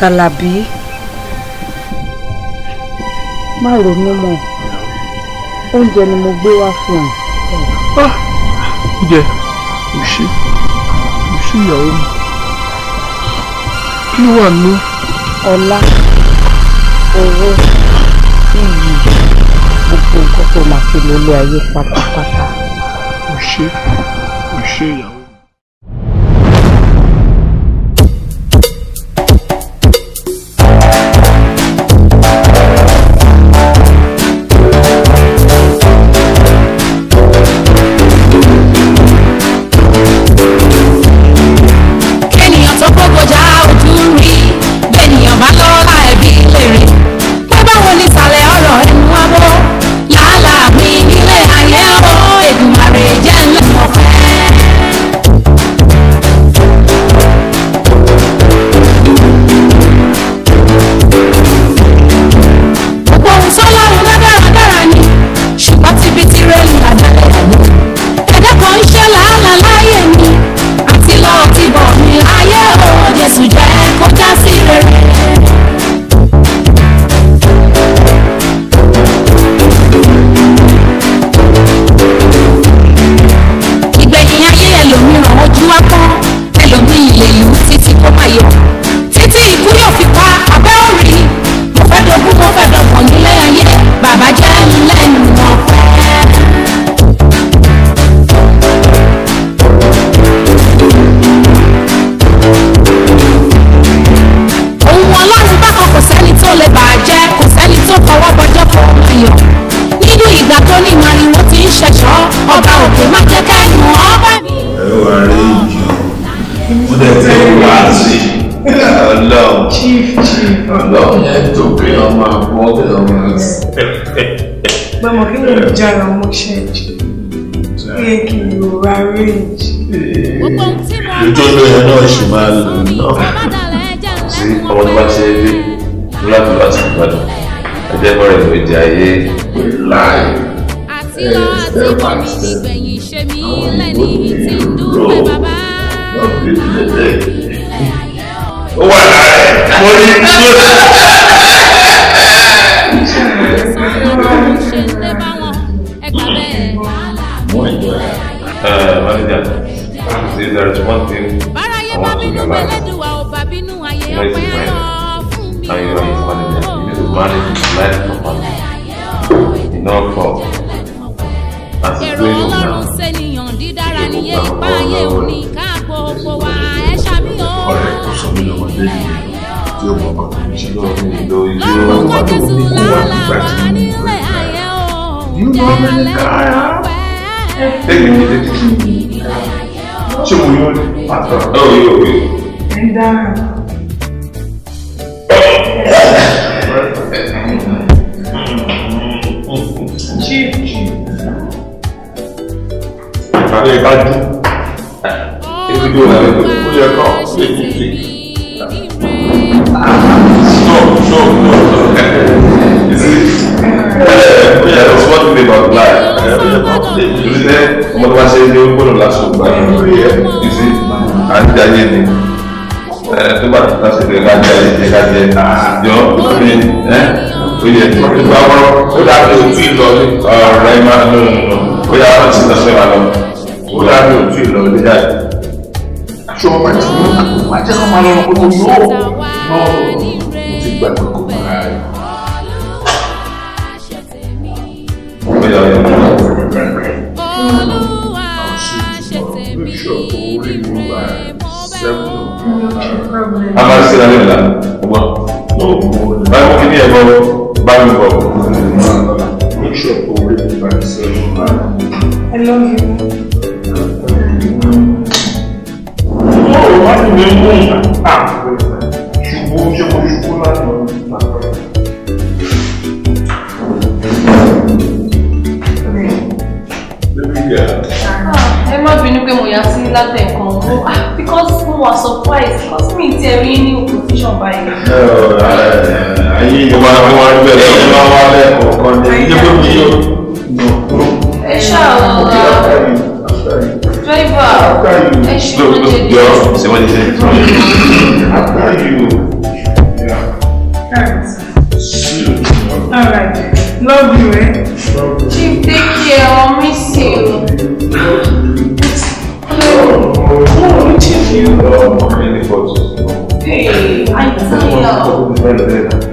Tàlàbí má ronú mọ́ oúnjẹ ni mo gbé wá fún ọ. Ah, oúnjẹ kò sí kò sí ìyàwó mi kí ló wà nínú. ọlá owó iyì gbogbo nǹkan tó máa fi lóló ayé pátápátá. kò ṣe kò ṣe ìyàwó. ní màní wọ́n ti ń ṣẹ̀ṣọ́ ọba òkè má jẹ́ kẹ́nu ọba ẹ wà rí ìjì mo dẹ̀ tẹ́ wá sí ọlọ́run chief chief ọlọ́run yẹn tó pé ọmọ àbọ̀ ọ̀dẹ̀ ọmọ àti. gbọmọ kí ló ń jára mo ṣe jù pé kí n lò ra range. ìjọba ẹ náà ṣì máa lò náà sí ọmọ tó bá ṣe é dé bá ṣe gbádùn ẹjẹ́ ló jẹ ayé láàyè tí lọ àti bòmí nígbẹ̀yìn ṣe mí lẹ́ni tí ń dúpẹ́ bàbá. ó wà lára mo ní kí ó. Báráyé bá bínú pẹ̀lẹ́dùwà ò bá bínú ayé ọpẹ́ lọ fún mi. Enough of èrò ọlọ́run ṣènìyàn dídára níye ipá ayé òní káàpọ̀ òpó wa ẹ ṣàmìyàn ọ̀rọ̀ ìpìlẹ̀ ayé ọ̀ lórúkọ jésù ayé ọ̀ jẹ́ alẹ́ ọ̀pẹ́ ṣé mo yọ ọ́ ní pàtó. ẹ dára. ní ẹ̀ka jù èyí tó wà lẹ́kọ̀ọ́ ó yẹ kọ́ ó yẹ kí n fi. no no no no you see ó yẹ kó small thing about life ó yẹ kó you see ẹ ọmọ tó bá ṣe ní gbọ́dọ̀ lásán gbà ó yẹ you see à ń jayé ni tó bá ti tàṣe lè ká jẹ ẹ̀ka jẹ àjọ mi ẹ ó yẹ kó tó bá wọ́n ó dàbí ojú ìlọrin ọ̀rẹ́ máa ń lò nínú ó yà wọ́n ti tàṣe wà lọ ó dábì òtún ìlọ ilé jáde aṣọ ọmọ ẹ̀ fún wa jẹ́ kó máa lọ pé mo yóò náà mo ti gbà pé kò máa rà rẹ̀. ó yà ọ̀yọ́ mọ́ ọ̀rọ̀ mi bẹ̀rẹ̀ rẹ̀ àwọn sì ti mọ̀ ní ìṣọ̀kọ̀ orí mi wà sẹ́kù. a máa ń sinmi nílá ọgbọ́n báyìí mo kí ní ẹ̀gbọ́n báyìí mo bọ̀. I love you. nenhuma. Ah, chegou, chegou, chegou lá na ẹ má bínú pé mo yà sí látẹ̀ nǹkan because mo wà surprise because mi ti ẹ̀rí ní opposition báyìí. ayé ìjọba ni wọ́n ń bẹ̀rẹ̀ ọ̀hún máa wá lẹ́ẹ̀kọ̀ọ̀kan ní ẹgbẹ́ mi yóò. ẹ ṣáà lọ́la. How After you. Look, look, girl. See what they say. After you. Yeah. All right. Love you, eh? Love you. Chief, take care. I'll miss you. Oh, Chief, you. Oh, I'm really fortunate. Hey, I tell you.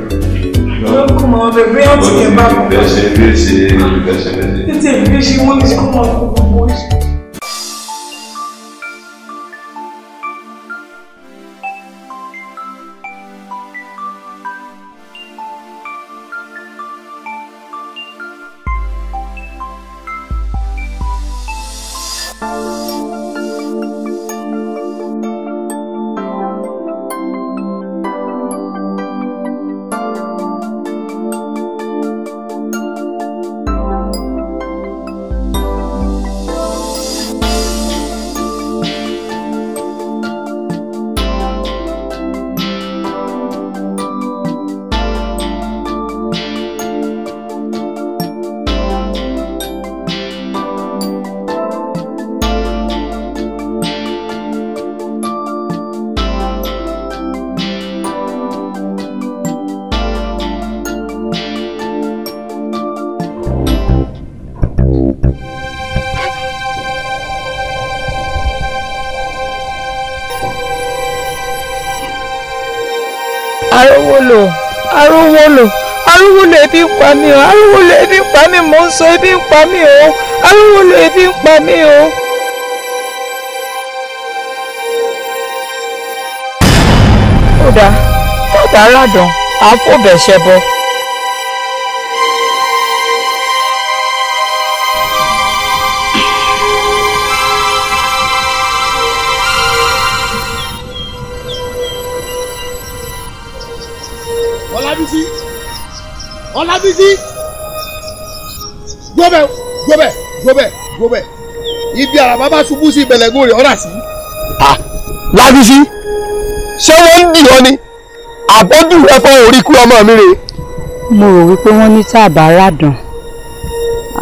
ọmọ ọbẹ̀ bí wọ́n ti yẹ bá wọn. ìfẹsẹ̀ ìfẹsẹ̀ ìfẹsẹ̀ ìfẹsẹ̀. títí ìfẹsẹ̀ wọn ní sọ́kùnrin ọkùnrin gbogbo oṣù. arúwólò arúwólò arúwólò ebi ń pa mí o arúwólò ebi pa mí mò ń sọ ebi pa mí o arúwólò ebi pa mí o. ó dáa tó dáa ládùn àá fò bẹ̀ ṣẹ bọ. ọlábísí gbọ́bẹ̀ gbọ́bẹ̀ gbọ́bẹ̀ gbọ́bẹ̀ ibi àràbá bá ṣubú sí ìbẹ̀lẹ̀gùn rẹ̀ ọ̀rà sí. lábísí ṣé wọ́n ń dìyàn ni àbọ́dù rẹ fọ́ orí kú ọmọ mi rè. mo rò wípé wọ́n ní tàbá ràdùn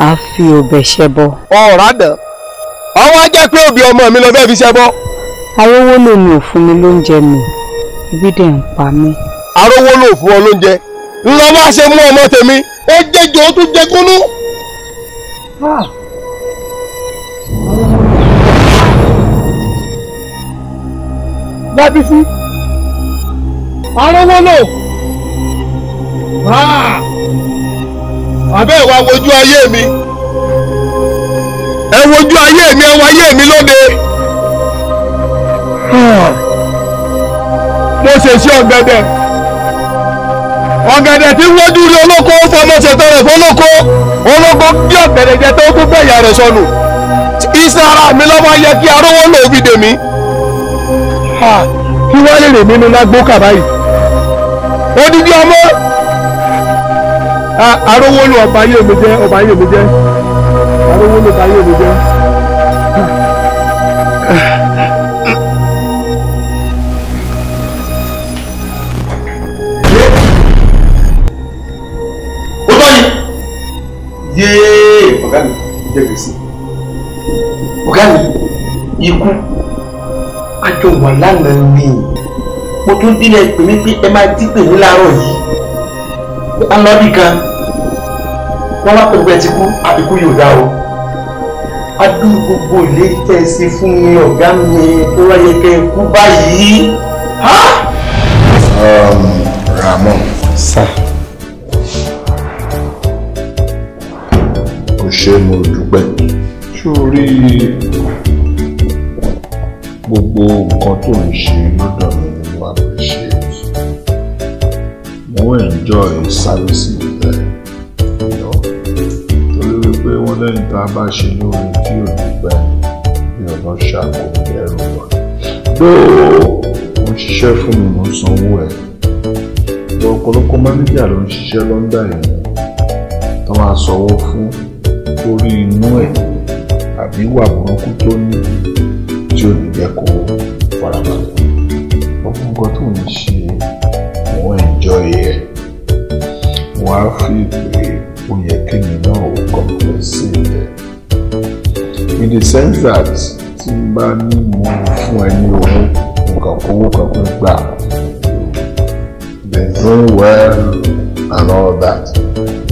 á fi ọbẹ̀ ṣẹbọ. ọ̀ràdàn ọwọ́ jẹ́ pé òbí ọmọ mi lọ fẹ́ fi ṣẹbọ. arówó lò ní òfun mi lóúnjẹ mi ibi dẹ̀ ń pa mí. arówó lò fún ọ lóúnjẹ lọ bá ṣe mú ọmọ tèmi ó jẹjọ ó tún jẹ kúnú. lábísí ah. arówó lò ah. àbẹ́ ìwà wojú ayé mi ẹ wojú ayé mi ẹ wo ayé mi lóde. Ah. mo ṣèṣe ọ̀gbẹ̀dẹ̀ ọ̀gẹ̀dẹ̀ tí wọ́n dúró olóko fọmọ ṣètò rẹ̀ fọlọ́kọ olóko bí ọ̀gẹ̀dẹ̀ jẹ tó kú bẹ̀yà rẹ̀ sọnù iṣẹ́ ara mi lọ́wọ́ yẹ kí arówó lò fi dè mí. kí wọ́n lè rè mí nu lágbó kàbá yìí odidi ọmọ arówó lò ọba yé mi jẹ ọba yé mi jẹ arówó lò ọba yé mi jẹ. yéé ọ̀gá mi àjọ wà lánàá ni mo tún dílé pè mí pé ẹ máa jí pè mí láàárọ̀ yìí a kan wọn bá pẹ̀lú ẹ ti kú àbíkú yóò dá o a dún gbogbo ìlérí tẹ́ ẹ fún mi ọ̀gá mi tó wáyé kẹ́ ẹ kú báyìí. ṣe mo dúpẹ́. sórí gbogbo nǹkan tó ń ṣe lọ́dọ̀ mi ni mo appreciate mo enjoy service rẹ torí wípé wọ́n lẹ́yìn tá a bá ṣe lórí tí ò dúpẹ́ bí ọ̀nà ṣàkóso ẹrù wa. dóò mo ṣiṣẹ́ fún mi mo sanwó ẹ̀ ọ̀pọ̀lọpọ̀ mánéjà ló ń ṣiṣẹ́ lọ́ńdà yìí tó máa sanwó fún torí inú ẹ̀ àbí ìwà burúkú tó ní tí ò ní jẹ́ kó farabalẹ̀ ọkùn nǹkan tó ń ṣe àwọn ìjọ yẹ wọ́n á fi pé ó yẹ kéèyàn náà ó compensate ẹ̀ in the sense that tí n bá ní mo fún ẹ ní owó nǹkan kówó kan pé gbà benzin well and all that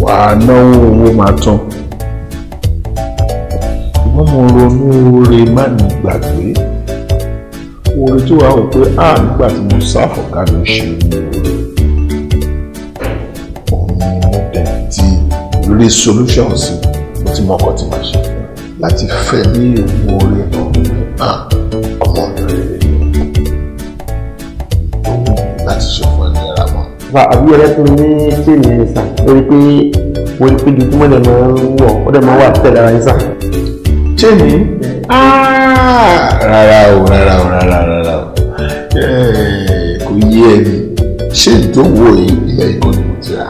wàá náwó owó máa tán tún ronú oore má ní gbàgbé oore tó wà ó pé á nígbà tí mo sáfọ̀ká ló ṣe ní oore òun ni mo dẹ̀ ti rí solution sí mo ti mọ ọkọ̀ tí màá ṣe láti fẹ́ ní ìwọ oore náà ọmọ rere láti ṣe fún ẹni ara mọ́. bá àbúrò rẹ fún mi ní chain yẹn sá pé wọ́n ti pé jojúmọ́ dẹ̀ máa ń wọ̀ ó dẹ̀ máa wà tẹ̀lé ara yín tèmi ah! rárá o rárá o rárá rárá o eh, kò yé ẹni ṣé ìdánwò ìpìlẹ̀ ìkọ́ ni mo ti rà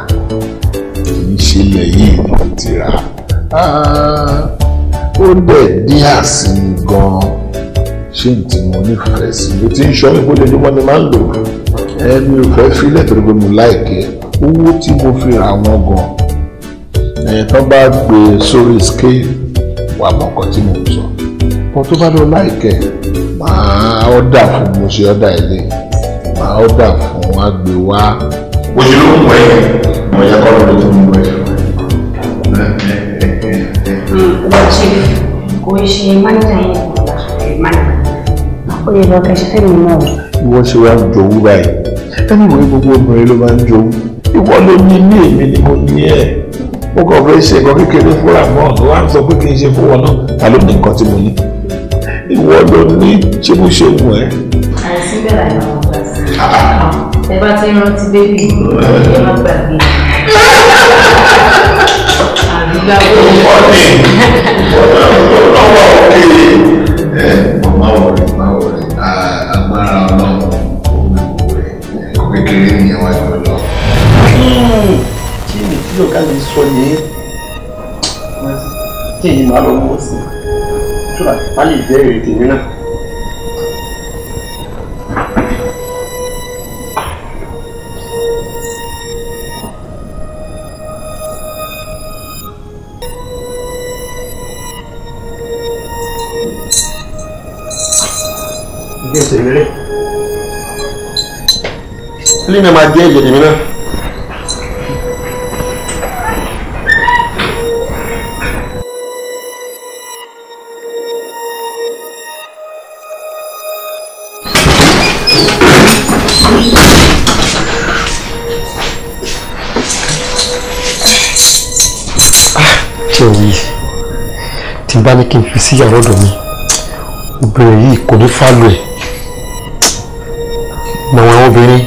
kì í ṣe ilẹ̀ yìí ni mo ti rà ah, ó dẹ̀ dín àsìmí gan-an ṣé n tí mo nífẹ̀ẹ́ sí mo ti ń ṣọ́ ní bóde ní wọ́n ni máa ń lò ẹni ò fẹ́ filẹ̀ torí pé mo láìkẹ́ owó tí mo fi rà wọ́n gan-an ẹ̀yìn tán bá gbé e sórí scale wà mọ nǹkan tí mò ń sọ kan tó bá lọ láìkẹ màá ọ̀dà fún mo ṣe ọ̀dà ilé màá ọ̀dà fún wa gbé wá. òye ló ń wẹ̀ mọ̀ yẹ kọ́ lóde tó ń wẹ̀. ọba ṣe kò ṣe máníjà yẹn kò bá ṣe máníjà ó lè lọ kẹsí fẹ́mi náà. ìwọ ṣe wá ń jowú báyìí ẹni ìwé gbogbo obìnrin ló máa ń jowú ìwọ ló ní ilé mi ni mo ní ẹ ó kàn fẹ́ ṣe nǹkan kékeré fúnra mọ́ ọ̀nà wá ń sọ pé kì í ṣe fún wọn ta ló ní nǹkan tí mo ní ìwọ ló ní ṣé mo ṣe wù ẹ́. àìsí bẹ́ẹ̀ láì máa wọ́n sí ẹ bá ti rántí bébì ẹ má gbàgbé àbí gbàgbé. ó kọ́ ni ọ̀nà ìlú náà wà ó kéde. sọ yìí kí máa lọ mú sí ṣúra ká lè jẹ́ ìrètí mi náà. Ilé mi máa jẹ́ ìjẹ̀dẹ̀ mi náà. ọ̀rọ̀ yìí tí n bá ní kí n fi síyàwó ọ̀dọ̀ mi obìnrin yìí kò ní fálù ẹ̀ mọ àwọn obìnrin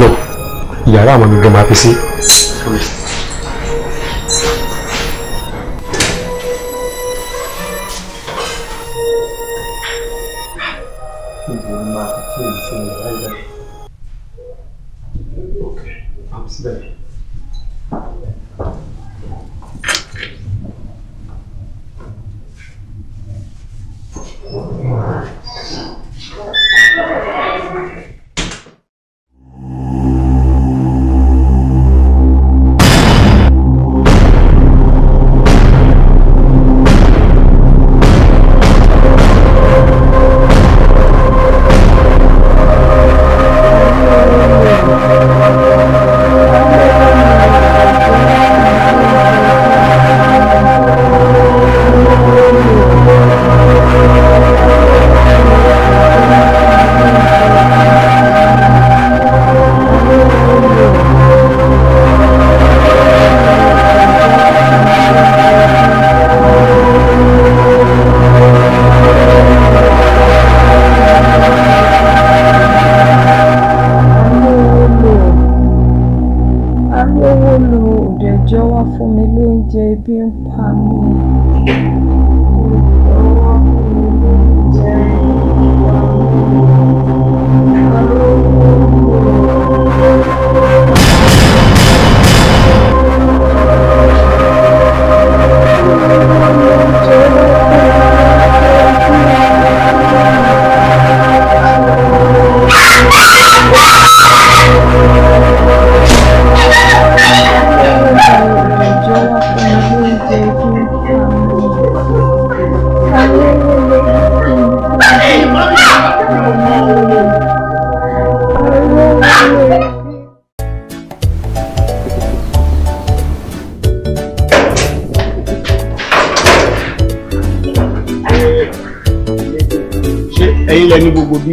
lọ yàrá àwọn mi gan máa fi sí.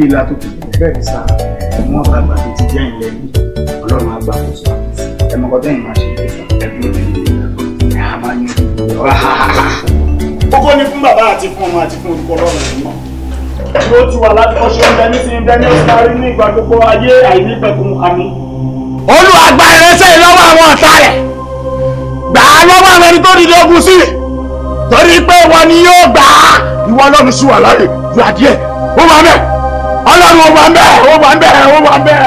ìlà tó ti kù bẹ́ẹ̀ sá ẹ̀wọ̀n àgbà tó ti jẹ́ ìlẹ̀ yìí ọlọ́run àgbà kò sọ ẹ̀mọ́kọ́ tẹ́yìn máa ṣe ìfẹ́ ẹ̀gbọ́n mi ní àmà ní kókó ni fún bàbá àti fún ọmọ àti fún olùkọ́ ọlọ́run yìí mọ́ ló ti wà láti ọṣẹ ọbẹ nísìnyí bẹ́ẹ̀ ni ó parí ní ìgbà gbogbo ayé àìní pẹ̀kun àmì. olúwa gba ìrẹsẹ̀ lọ́wọ́ àwọn ọ̀tá rẹ̀ gbà á lọ́wọ́ àwọn ẹni tó dìde ogun sí rẹ̀ torí pé wọn ni yóò gbà á ìwọ ọlọ́run sí wà láàyè ju adìẹ ó wà mẹ́ẹ̀ ọlọ́run ó máa ń bẹ̀ ó máa ń bẹ̀ ó máa ń bẹ̀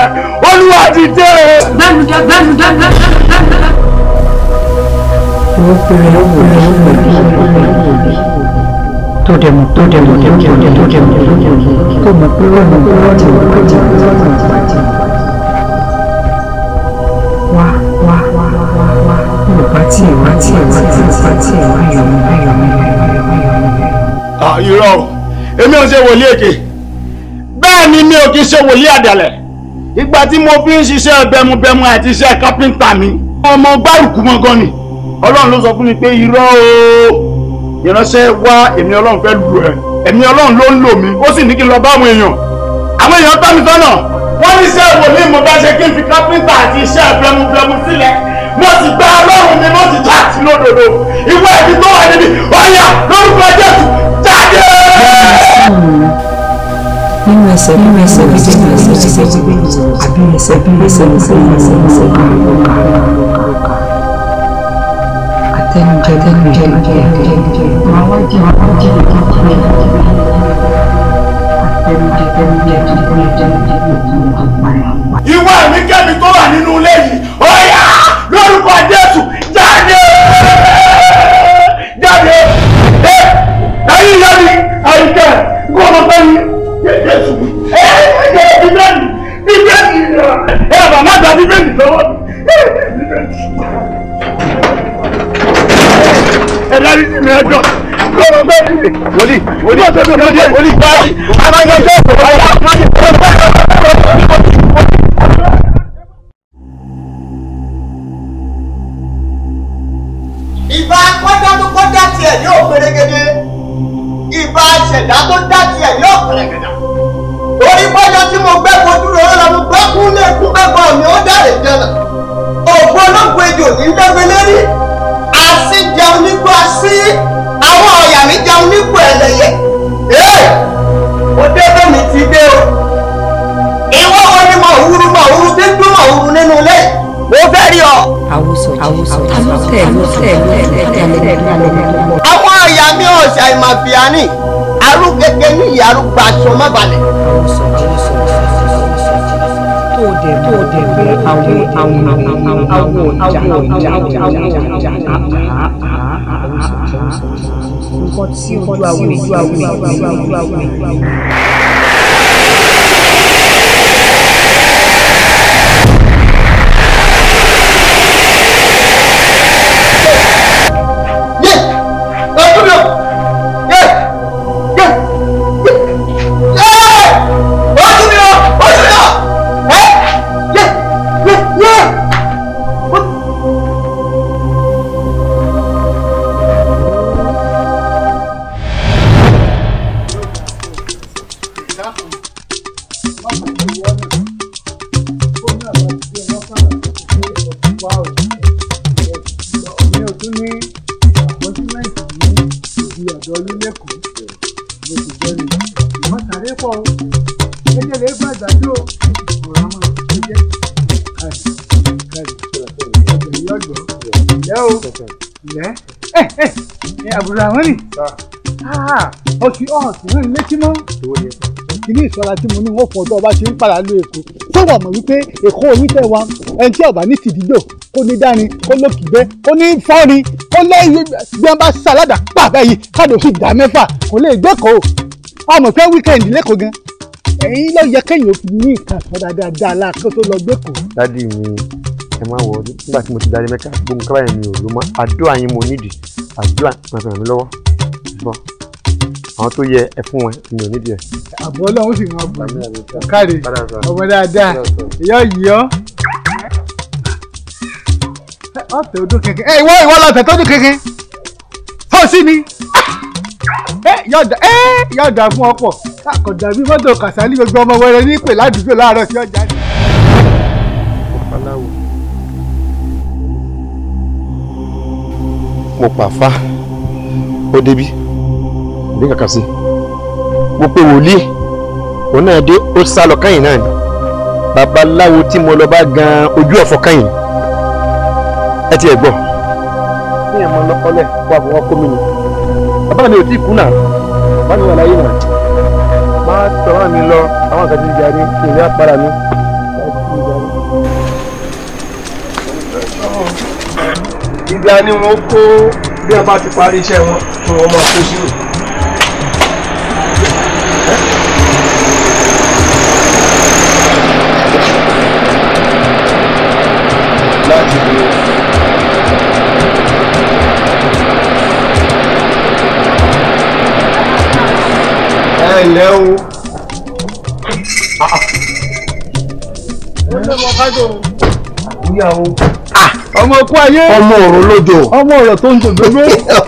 olúwa ti dé. bẹ́ẹ̀ni dẹ́ bẹ́ẹ̀ni dẹ́ bẹ́ẹ̀ni dẹ́ bẹ́ẹ̀ni. ó pèrè ó pèrè ó pèrè ó pèrè tó dẹ̀mọ̀ tó dẹ̀mọ̀ tó dẹ̀mọ̀ tó dẹ̀mọ̀ kó mọ̀ pé wọ́n mọ̀ pé wọ́n ti mọ̀ pé ti mọ̀ pé ti mọ̀ ti mọ̀. wá wá wá wá wá mo bá tí ì wá tí ì wá tí ì wá tí ì wá yọ̀ mí yọ̀ mí yọ̀ mí yọ̀ mí. irọ́ èmi ò ṣe wòlíì èké ò kì í ṣe wòlíì àdàlẹ̀ ìgbà tí mo fi ń ṣiṣẹ́ bẹmubẹmu àti iṣẹ́ kápẹ́ńtà mi ọmọ gbárùkù mọ́ gan ni ọlọ́run ló sọ fún mi pé irọ́ o ìránṣẹ́ wá èmi ọlọ́run fẹ́ lù ẹ́ èmi ọlọ́run ló ń lò mí ó sì ní kí n lọ bá àwọn èèyàn àwọn èèyàn tọ́ mi sọ́nà wọ́n ní iṣẹ́ wòlíì mo bá ṣe kí n fi kápẹ́ńtà àti iṣẹ́ bẹmubẹmu sílẹ̀ mo sì gba ọlọ́run mi mo sì já àti lódodo ìwé ẹ̀mí tó wà níbi ọ̀yà lórúkọ jésù jáde nínú ẹsẹ̀ nínú ẹsẹ̀ méjì nínú ẹsẹ̀ méjì àbí ẹsẹ̀ bí ẹsẹ̀ ẹsẹ̀ ẹsẹ̀ ẹsẹ̀ àtẹnujẹ àtẹnujẹ àtẹnujẹ máa wá jẹ máa wá jẹ kékeré àtẹnujẹ àtẹnujẹ àtẹnujẹ àtẹnujẹ àtẹnujẹ. ìwọ ẹ̀mí kẹ́mi tó wà nínú ilé yìí ó yá lórúkọ Jésù jáde jáde ẹ ẹ̀yin yẹn ni àyíkẹ́ kó o lọ fẹ́ yìí jésù wí. ẹ ẹ bíbélì bíbélì ẹ màmá gba bíbélì lọ́wọ́ mi. ẹ lárí sí mi ẹjọ́ wòlíì wòlíì wòlíì wòlíì báyìí amáyọjọ ìfowópamọ́ àti ìfowópamọ́. ìbá kọ́dá tó kọ́dá tiẹ̀ yóò pérégedé ìbá ṣẹ̀dá tó dá tiẹ̀ yóò pérégedé. kú lẹ́kún bàbá mi ó dàrẹ̀ jẹ̀nà ògbó ológun ejò ní lẹ́gbẹ̀lẹ́rí àti jẹun nígbà sí àwọn ọ̀yà mi jẹun nígbà ẹlẹ́yẹ. ó dé bẹ́mi ti dé o ìwọ wọn ni màá wúru màá wúru tí ń dún màá wúru nínú ilé mo fẹ́ rí ọ. àwòsàn àwòsàn àlọ́tẹ̀ àlọ́tẹ̀ àlọ́tẹ̀ àlọ́tẹ̀. àwọn ọ̀yà mi ọ̀sà ìmàfíà ni arúgbẹ́gẹ́ ní ìyá arúgbàṣọ má balẹ̀. àwòsàn àwòsàn dẹ̀ tó dẹ̀ pé àwọn àwọn àwọn àwọn ọjà ọjà ọjà ọjà ọjà nǹkan tí ojú àwọn ojú àwọn ojú àwọn ojú àwọn. Abdulrahman ọtí ọ̀sìn náà létí mọ́ kìíní ìṣọ́ra tí mo ní wọ́n fún ọjọ́ ọba ṣe ń padà lọ èkó tó wà mọ̀ wípé èkó oníṣẹ́ wa ẹni tí ọba ní fìdídò kó ní dání kó lókìgbẹ́ kó ní fọ́ọ̀rì kó lẹ́yìn gbẹ́n bá ṣàládà pà báyìí káàdì òfin ìdá mẹ́fà kò lè gbẹ́kọ̀ọ́ ọmọ pé wíkẹ́ndì lẹ́kọ̀ọ́ gan ẹ̀yin ló yẹ kéèyàn fi ní nǹkan sọ dáadáa láàkó tó lọ gbẹ́kọ̀ọ́. dádì mi ẹ máa wọ nígbà tí mo ti darí mẹ́ta gbogbo kábàáyé mi ò ló mọ́ àdó àyín mo nídìí àdúrà máa fẹ́ràn mi lọ́wọ́ bọ́ àwọn tó yẹ ẹ fún wọn mi ò nídìí ẹ. àbọ̀ ọlọ́run sì máa bù mí ọ̀kàrè ọmọ dáadáa ìyá yìí ọ́ ọ̀tẹ̀ ọdún kẹ̀kẹ́ ẹ ìwọ ìwọ lọ́tẹ̀ tọ́dún kẹ̀kẹ́ fọ́ sí ni yọ̀dà fún ọ̀pọ̀ kọ̀dà bí mọ́tò kàṣálí gbogbo ọmọ wẹrẹ ní ìpè ládùúgbò láàárọ̀ sí ọjà. ọ̀pá láwùjọ. mo pàfà ó débí ní kàkà sí mo pe wòlíì òun náà dé ó sá lọ káyìn náà ni babaláwo tí mo lọ bá gan ojú ọ̀fọ̀ káyìn ẹ ti ẹ̀ gbọ́ ní ẹ̀ mọ lọ́kọ́lẹ̀ wà fún wọn kó mi ni bàbá mi ò tí ì kú náà bá mi wà láyé náà má tọ́ra mi lọ àwọn àgbàdìjà ni kí n lè apára mi. ìgbà ni wọ́n kó bí wọ́n bá ti parí iṣẹ́ wọn kí wọ́n máa kó sírò. láti lè ẹ ǹlẹ́ o. Ah, ah. ó lè mọ kájọ ọmọ ọkú ayé ọmọ ọ̀rọ̀ lójó ọmọ ọ̀rọ̀ tó ń dòdòdó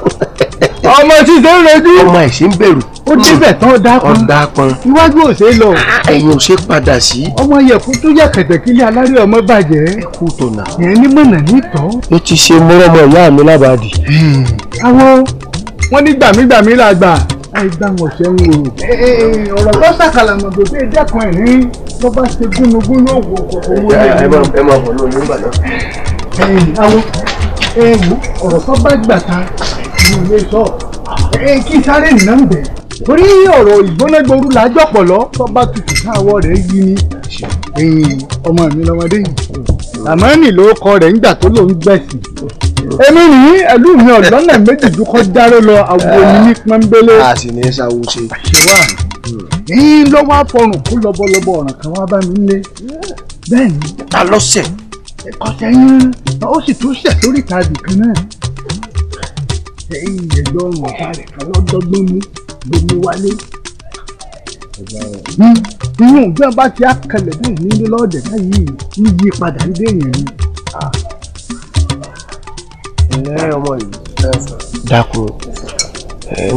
ọmọ tí ṣe ń rojú ọmọ ẹ̀sìn bẹ̀rù ó débẹ̀ tán dápọn dápọn iwájú ò ṣe lọ ah, ẹ̀yìn ò ṣe padà sí. ọmọ yẹ̀fun tó yẹ kẹ̀tẹ̀kílẹ̀ alárè ọmọ bàjẹ́ ẹ̀kú tònà yẹn ní mọ̀nà nítọ́. ó ti ṣe mọ́rọ́mọ ìyá mi lábàdì. Hmm. àwọn wọn ní gbàmígbàmí la gbà àìgbà wọn ṣe ń wò. Eh, eh, eh, ọ̀rọ̀ tó ṣàkàlà mọ̀tò pé dẹ́kun ẹ̀ ní bó ṣe gúnugún yóò wò kòkòrò ẹ máa bọ̀ lóyún bàdàn ẹ̀yìn awo ẹ wo ọ̀rọ̀ tó bá gbà ta ni ò lè sọ ẹ kí sáré nìyà ń bẹ̀. torí ọ̀rọ̀ ìgbónágboru la jọ̀pọ̀lọ́ tó bá tutù káwọ́ rẹ̀ yí ni ẹ̀yìn ọmọ mi lọ́mọdé yìí àmọ́ nì ló kọ rẹ̀ ńgbà tó lòún gbẹ̀sìn èmi nìyí ẹlú mi ọ̀dọ́nà méjì dúkọ́ dáró lọ àwo mi ní pọ́nbélé. a sì ní sáwó ṣe. ṣèwà ní lọ́wọ́ àfọrùn kó lọ́bọ̀lọ́bọ̀ ọ̀ràn kan wá bá mi lé bẹ́ẹ̀ ni. ta lọ́sẹ̀ ọ̀sẹ̀ yẹn ó sì tún ṣẹ̀ sórí ìtajà kan náà lẹ́yìn ẹgbọ́rún ọ̀tá rẹ̀ kan lọ́dọ́gbọ́n mú gbogbo wálé. inú bí wọn bá ti àkàlẹ̀ bí nílé lọ́ọ̀dẹ̀ báyìí ń yí padà ní déyìn ni. ẹ ọmọ yìí dákun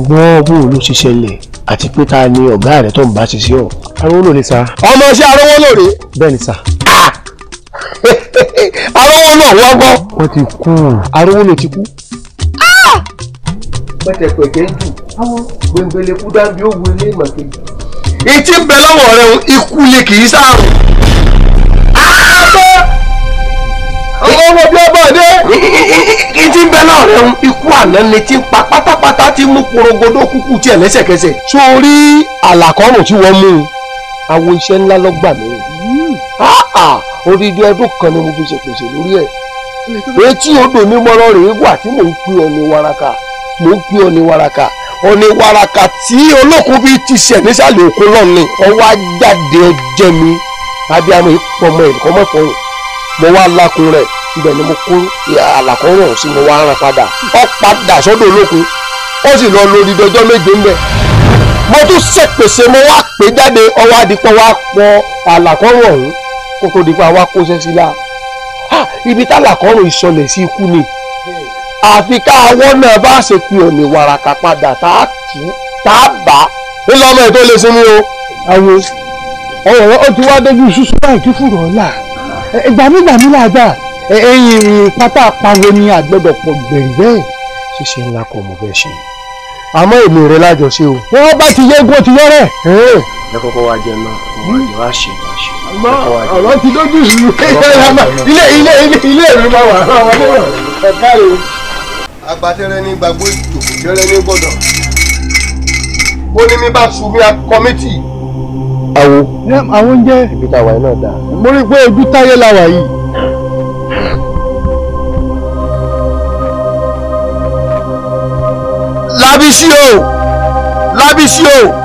gbọ́ bóun ló ṣiṣẹ́ lẹ̀ àti pé ta ni ọ̀gá rẹ̀ tó ń bá ṣiṣẹ́ ọ̀. arówó lòdì sá. ọmọ ṣé arówó lòdì. bẹ́ẹ̀ ni sá arówó náà wọ́n gbọ́. wọ́n ti kú arówó náà ti kú. Ah! pẹ̀tẹ̀pẹ̀tẹ̀ jù gbẹngbẹlẹ kú dábí ó wu ilé ìmọ̀kejì. ìtì bẹ lọ́wọ́ rẹ ikú lè kì í sáàrùn. àwọn ọmọ bí ọba ọdẹ. ìtì bẹ lọ́wọ́ rẹ ikú àná ni ti ń pa pátápátá ti mú korongodo kúkú tiẹ̀ lẹ́sẹ̀kẹsẹ̀. sórí àlàkọ́rùn tí wọ́n mú un àwọn iṣẹ́ ńlá lọ́gbà mi odidi ọdún kan ni mo fi ṣe pèsè lórí ẹ̀ etí odò mímọ́rọ́ rèé wà tí mò ń pè ọ ní waraka mò ń pè ọ ní waraka ọ ní waraka tí olókùn bíi ti ṣẹ̀ nísàlẹ̀ òkun lọ́ọ̀ ni ọwọ́ ajáde ọjẹ́ mi abiyamọ ìpọmọ ẹ̀kọ́ mọ́fọ́rùn mo wá lakun rẹ̀ ibẹ̀ ni mo kó àlàkọ́rọ̀ sí mo wá rán padà ọ padà sọ́dọ̀ olókun ó sì lọ lórí dọjọ́ méje ń bẹ̀ mo tún ṣèpèsè mo wá pè jáde ọwọ́ adìpọ̀ wá pọ̀ àlàkọ́rọ̀ ọ̀hún kó tó di pé àwa kóṣẹ́ sí la ibi tálà kọ́rọ̀ ìsọlẹ̀ sí ikú ni àfi káwọ́ náà bá ṣe pé ọ̀nì wàràkà padà tá a tù tá a bà á nílò ọmọ ètò ilé sinmi o. àwo ọ̀rọ̀ ó ti wá dójú ṣíṣú báyìí kí fúrọ̀ ọ̀la ìgbàmígbàmí làgbà ẹ̀yìn pátá pariwo ni àgbẹ̀dọ̀ pọ̀ gbẹ̀rì bẹ́ẹ̀ ṣíṣe ńlá kọ́ mo fẹ́ ṣe àmọ́ èmi rẹ̀ lájọṣe o. wọ́n bá ti yẹ́gun ti yẹ́rẹ̀ ẹ kọ́kọ́ wá jẹ náà ọmọ àjẹ wá ṣe wá ṣe. ọ̀rọ̀ ti lójú ìṣúlù ilé ilé ilé ilé mi máa wà náà wọlé wà ẹ̀ka rẹ̀. agbatẹrẹ ní gbàgbó ìjòkòjẹrẹ ní gbọ́dọ̀ ó ní mi bá sunmi kọmítì. àwo àwọn oúnjẹ ibi táwa yìí náà dáa. mo rí i pé ojú táyé la wà yìí. Lábísí o Lábísí o.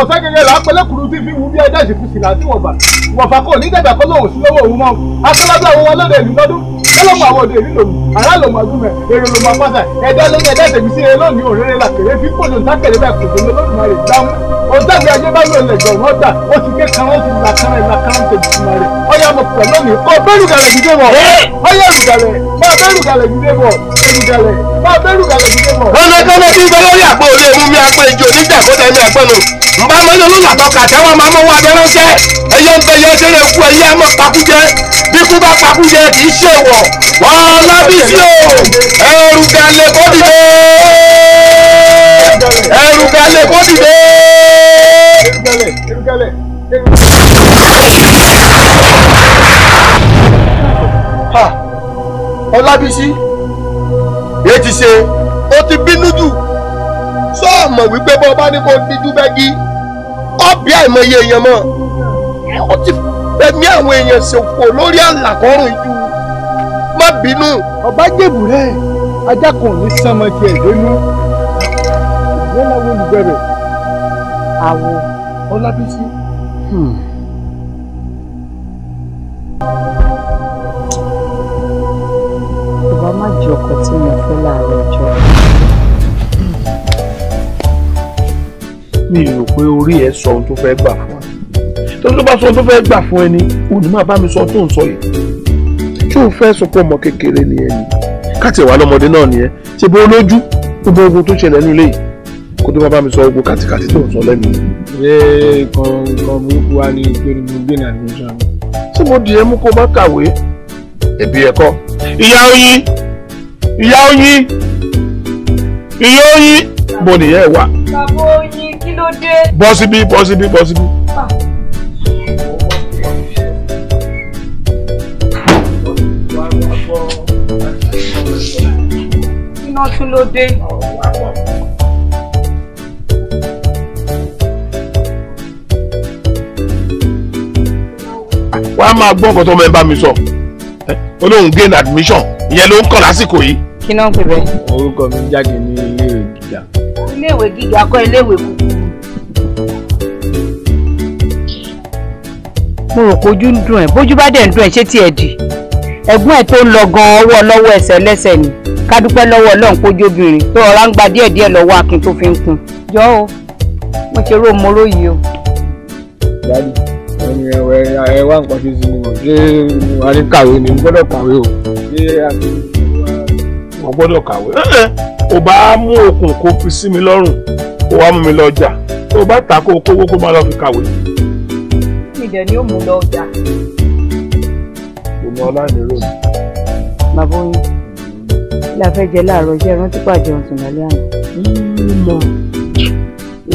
ọ̀sẹ́gẹ̀gẹ̀ là á pẹ́ lẹ́kùnrin tí fi wú bí ẹ̀dá ìṣèkú sí láti wọ̀fà wọ̀fà kò ní dàgbà kọ́ lóhùn sí lọ́wọ́ òun mọ́ akọ́lágbà òun ọlọ́dẹ ìlú lọ́dún ẹlọ́mọ àwọn òde ìlú lòlù àrà lòmọ àdúmẹ̀ èrò lòmọ apáta ẹ̀dá lóyún ẹ̀dá ìṣèkú sí lónìí òréré la kéré fi pòlò ntákẹ́rẹ́ bẹ́ẹ̀ kòtò ló lónìí rẹ̀ dáhùn ọ̀dàgbé ajé bá lò lẹ̀jọ̀ wọ́n dà ó ti ké kan ó ti là kan ẹ̀ là kan ó ti dùn rẹ̀ ọ̀yà mo pẹ̀ lónìí kọ́ bẹ́ẹ̀ lùgàlẹ̀ dídé wọ̀ ọ̀yà lùgàlẹ̀ bá bẹ́ẹ̀ lùgàlẹ̀ dídé wọ̀ lùgàlẹ̀ wọ́n lọ gbọ́dọ̀ bí gbọ́lórí àpò orí ẹ̀mú mi àpò ìjò nígbà kó tẹ̀lé ẹ̀gbọ́n nù nbà mọ́ ní olóòlà tọ́ka tẹ́wọ́n máa mọ́ wá abẹ́ránṣẹ́ ẹyẹ ń bẹ yẹ déré kú ẹyẹ ẹ mọ́ pakújẹ bí kú bá pakújẹ kì í ṣe wọ̀ wọ́n lábìsí o ẹrù gàlẹ̀ kó dìde ẹrù gàlẹ̀ kó dìde. ọlábísí èyí ti ṣe ó ti bínú jù sọ́ọ̀mọ̀ wípé bọ́ bá ní kó díjú bẹ́gí ọ̀bí àìmọye èèyàn mọ̀ ó ti fẹ̀mí àwọn èèyàn ṣòfò lórí àlàkọ́rùn ju má bínú. ọba jèbù rẹ ajá kan ò ní sánmọ ti ẹgbẹnu ìwé làwọn olùgbẹrẹ àwọn ọlábísí. Hmm. ọba má jẹ ọkọ tí mo. mi rò pé orí ẹ sọ ohun tó fẹ́ gbà fún ẹ tó tó bá sọ ohun tó fẹ́ gbà fún ẹ ni òun ni máa bá mi sọ tó ń sọ yìí ṣé o fẹ́ sọ pé ọmọ kékeré ni ẹ ni káàtì ìwà lọ́mọdé náà nìyẹn ṣe bó lójú gbogbo ogun tó ṣẹlẹ̀ nílé yìí kó tó bá bá mi sọ ogun kàtìkàtì tó ń sọ lẹ́nu. ṣé nǹkan burúkú wa ni pé mo gbé náà ló ń sọ. ṣé mo di ẹ mú kó bá kàwé ẹbí ẹkọ. ìyá oyin ìyá oyin ìyá oyin bọ̀ nìyẹn wà. bàbá oyin ló dé. bọ́ síbí bọ́ síbí bọ́ síbí. iná tún ló dé. wàá máa gbọ́ nǹkan tó mẹ́ bá mi sọ ó lóun gain admission ìyẹn ló ń kàn lásìkò yìí. kí náà ń pè bẹ́ẹ̀. orúkọ mi jáde ní iléèwé gíga. iléèwé gíga kọ́ iléèwé kúkú. mo rò kójú ń dùn ẹ̀ bójú bá dẹ̀ ń dùn ẹ̀ ṣé tiẹ̀ dì ẹ̀gbọ́n ẹ̀ tó ń lọ gan ọwọ́ lọ́wọ́ ẹsẹ̀ lẹ́sẹ̀ ni ká dúpẹ́ lọ́wọ́ Ọlọ́run kójú obìnrin tó ọ̀rá ń gba díẹ̀díẹ̀ lọ́wọ́ akin tó fi ń kun. jọ o mo ṣe ró mo róyìí o. ìyáàdì ẹni ẹwẹ ẹ wá nǹkan ṣe sí mi mọ ṣé a ní kàwé ni mo gbọ́dọ̀ kàwé o ṣé a ní mo gbọ́dọ̀ kàwé. ò eh, eh, bá mú okùn kó fi sí mi lọ́rùn kó wá mú mi lọ jà tó bá ta kó kówó kó má lọ fi kàwé dẹ̀ ni ó mú lọ ọjà. èmi ọláìníró ni. bàbá oyin la fẹ́ jẹ láàárọ̀ jẹ́ rántí pàdé ọ̀sán lálẹ́ àná. mímọ̀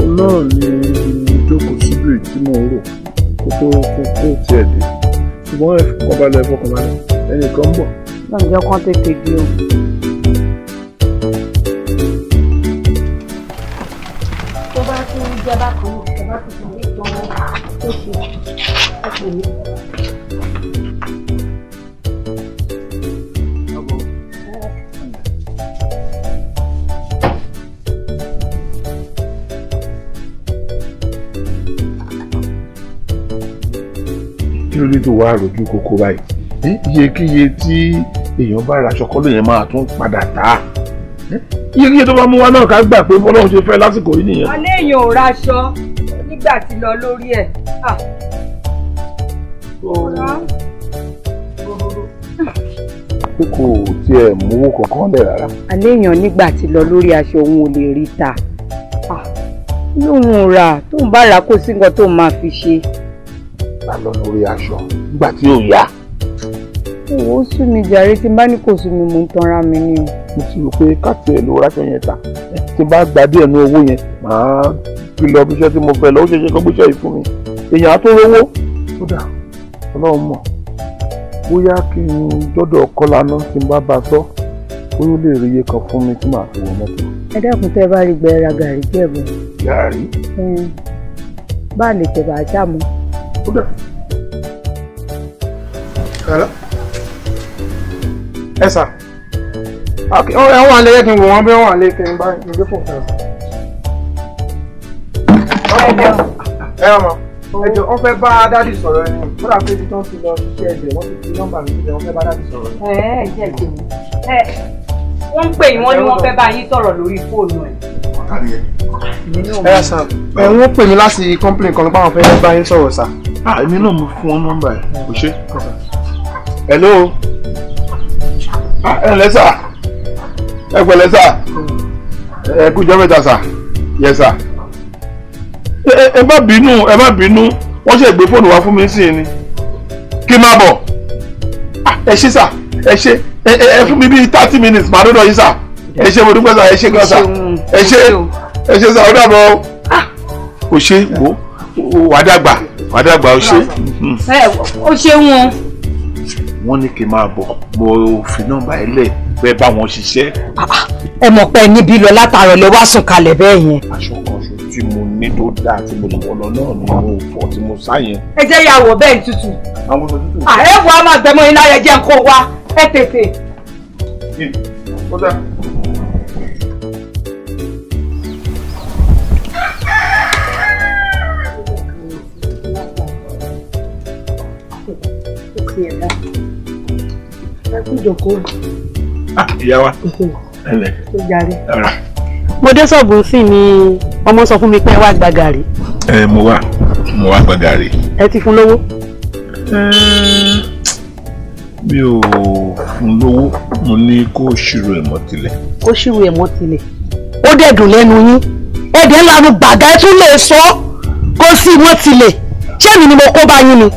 iná ni ìjókòó síbi tí mò ń rò kó tó tiẹ̀ dé ṣùgbọ́n ẹ balẹ̀ fọkàn ẹnìkan bọ̀. náà jẹ́ tètè gbé o. tó bá tún jẹ́ bákan náà tó bá tún tún lè tán ó ṣe fún mi. kí ló dé tó wá rojú kókó báyìí iyekíye tí èèyàn bá ra ṣọkọ́lù yẹn máa tún padà tà á iyekíye tó bá mú wa náà ká gbà pé bọ́lá òun ṣe fẹ́ lásìkò yìí nìyẹn. alẹ́ èèyàn ò raṣọ nígbà tí lọ lórí ẹ̀ ah, pé kò tiẹ̀ mówó kankan lẹ̀ rárá. alẹ́ èèyàn nígbà tí lọ lórí aṣọ òun ò lè rí ta lóhun rà tó ń bá rà kó sí nǹkan tó máa fi ṣe. ta lọ lórí aṣọ nígbà tí ò yá. owó sùn mi jàre tí bá ní kò sùn mi mò ń tanra mi ni mo ti rò pé káàtì ẹ̀ ló ráṣọ yẹn ta tí bá gba díẹ̀ nú owó yẹn màá fi lọ bí tí mo fẹ́ lọ ó ṣeéṣe kó yìí fún mi èèyàn á tó rówó. ó ọlọ́run mọ̀ bóyá kí n dọ́dọ̀ kọ́lá náà kí n bá ba sọ bóyá ó lè rí iye kan fún mi tí màá fi wọ mọ́tò. ẹ dákun tẹ bá rí gbẹra gàrí jẹ̀bù. gàrí. bá a lè tẹ̀bà ajá mu. ó dà hello ẹ sà ẹ wà lẹ́yìn kí n wò wọ́n bí wọ́n wà kí n bá ìgbé fún ọ̀sán. ẹ wà ẹjọ wọn fẹ́ bá dádì sọ̀rọ̀ ẹni wọn dà pé títàn ti lọ iṣẹ́ ẹ̀jẹ̀ wọn ti fi nọ́mbà mi sílẹ̀ wọn fẹ́ bá dádì sọ̀rọ̀ ẹni. ẹ ẹ jẹ jẹ ẹ wọn ń pè yín wọn ni wọn fẹ́ bá yín sọ̀rọ̀ lórí fóònù ẹ. ẹ sà ẹ wọn pè mí láti complain kan báwọn fẹ́ bá yín sọ̀rọ̀ sà. èmi náà mo fún wọn nọ́mbà ẹ kò ṣe. hello ẹ ǹlẹ́ sà ẹ pẹ̀lẹ́ sà ẹ kú jọ́ mẹ́ta sà yẹ sà ẹ má bínú ẹ má bínú wọ́n ṣe gbé fóònù wá fún mi sí ni kí n má bọ̀ ẹ ṣe sà ẹ ṣe ẹ fún mi bíi thirty minutes màá dọ́dọ̀ yìí sà ẹ ṣe mo dúpẹ́ sà ẹ ṣe gan sà ẹ ṣe ẹ ṣe sà ó dàbọ̀ ó ṣe wo wà dàgbà wà dàgbà ó ṣe. ó ṣe wọn. wọ́n ní kí n máa bọ̀ mo fi nọ́mbà ẹ lẹ̀ bẹ́ẹ̀ bá wọn ṣiṣẹ́. Ah, ah. ẹ mọ̀ pé níbi lọ látàárọ̀ lẹ wá sùn kalẹ̀ bẹ́ẹ̀ yẹn. aṣọ tí mo ní tó dáa tí mo lè wọ lọ náà ni mo fọ tí mo sá yẹn. ẹ jẹ́ ìyàwó bẹ́ẹ̀ tútù. àwọn ọmọ tútù. àyẹ̀wò a máa gbẹmọ iná yẹn jẹ́ nǹkan wa ẹ tètè. Ah, ìyá wa ẹ lẹ. ó jàre mo dé ṣọ́ọ̀bù sí ni ọmọ sọ fún mi pé ẹ wá gba gàrí. ẹ mo wá mo wá gba gàrí. ẹ ti fún lówó. mi ò fún lówó mo ní kó ṣírò ẹ̀mọ́ tilẹ̀. kó ṣírò ẹ̀mọ́ tilẹ̀ ó dẹ̀ dùn lẹ́nu yín ẹ̀dẹ̀ ńlá nu gbàgà ẹ tún lè sọ kó sí ìmọ̀ tilẹ̀ ṣé èmi ni mo kó bá yín ni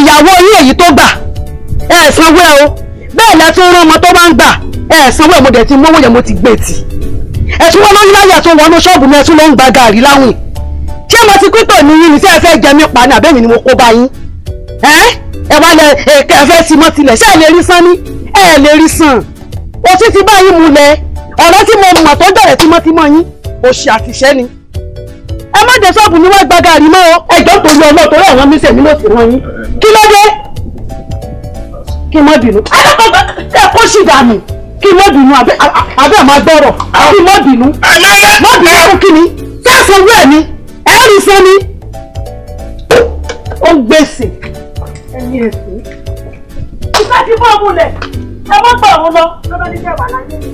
ìyàwó yín èyí tó gbà ẹ sanwó ẹ o bẹ́ẹ̀ lẹ́tún ọmọ tó bá ń gbà ẹ sanwó ẹ mo dẹ̀ ti mówó yẹn mo ti gbé tì ẹ̀tún wọn lóyún láyà tó wọnú ṣọ́ọ̀bù mi ẹ̀tún ló ń gba gàrí láwìn ṣé mo ti pín pẹ̀lú yín ni tí ẹ fẹ́ jẹ mí pa ni àbẹ́mi ni mo kó bá yín ẹ ẹ wá lẹ ẹ fẹ́ ti mọ́ tilẹ̀ ṣé ẹ lè rí sán ní ẹ lè rí sàn òtí ti bá yín mulẹ̀ ọ̀rọ̀ tí mo mọ̀ tó bẹ̀rẹ̀ tímọ́tímọ́ yín òṣì àtìṣẹ́ ni ẹ má dé ṣọ́ọ̀bù mi wá gba gàrí mọ́ o ẹjọ́ tó yọ ọlọ́ torí àwọn mísẹ̀ mi ló ti wọ́n yín kí ló dé kí kí mọ́ bínú abẹ́ àmà gbọ́rọ̀ kí mọ́ bínú mọ́ bínú fún kíni káàsán owó ẹ̀ ni ẹ̀rù sọ ni ó ń gbèsè ẹni èsì. ìfẹ́ ti bọ́ ọ̀hún lẹ̀ ẹ mọ́ gbọ́ ọ̀hún lọ lọ́dọ̀ ní kẹwàá láyé mi.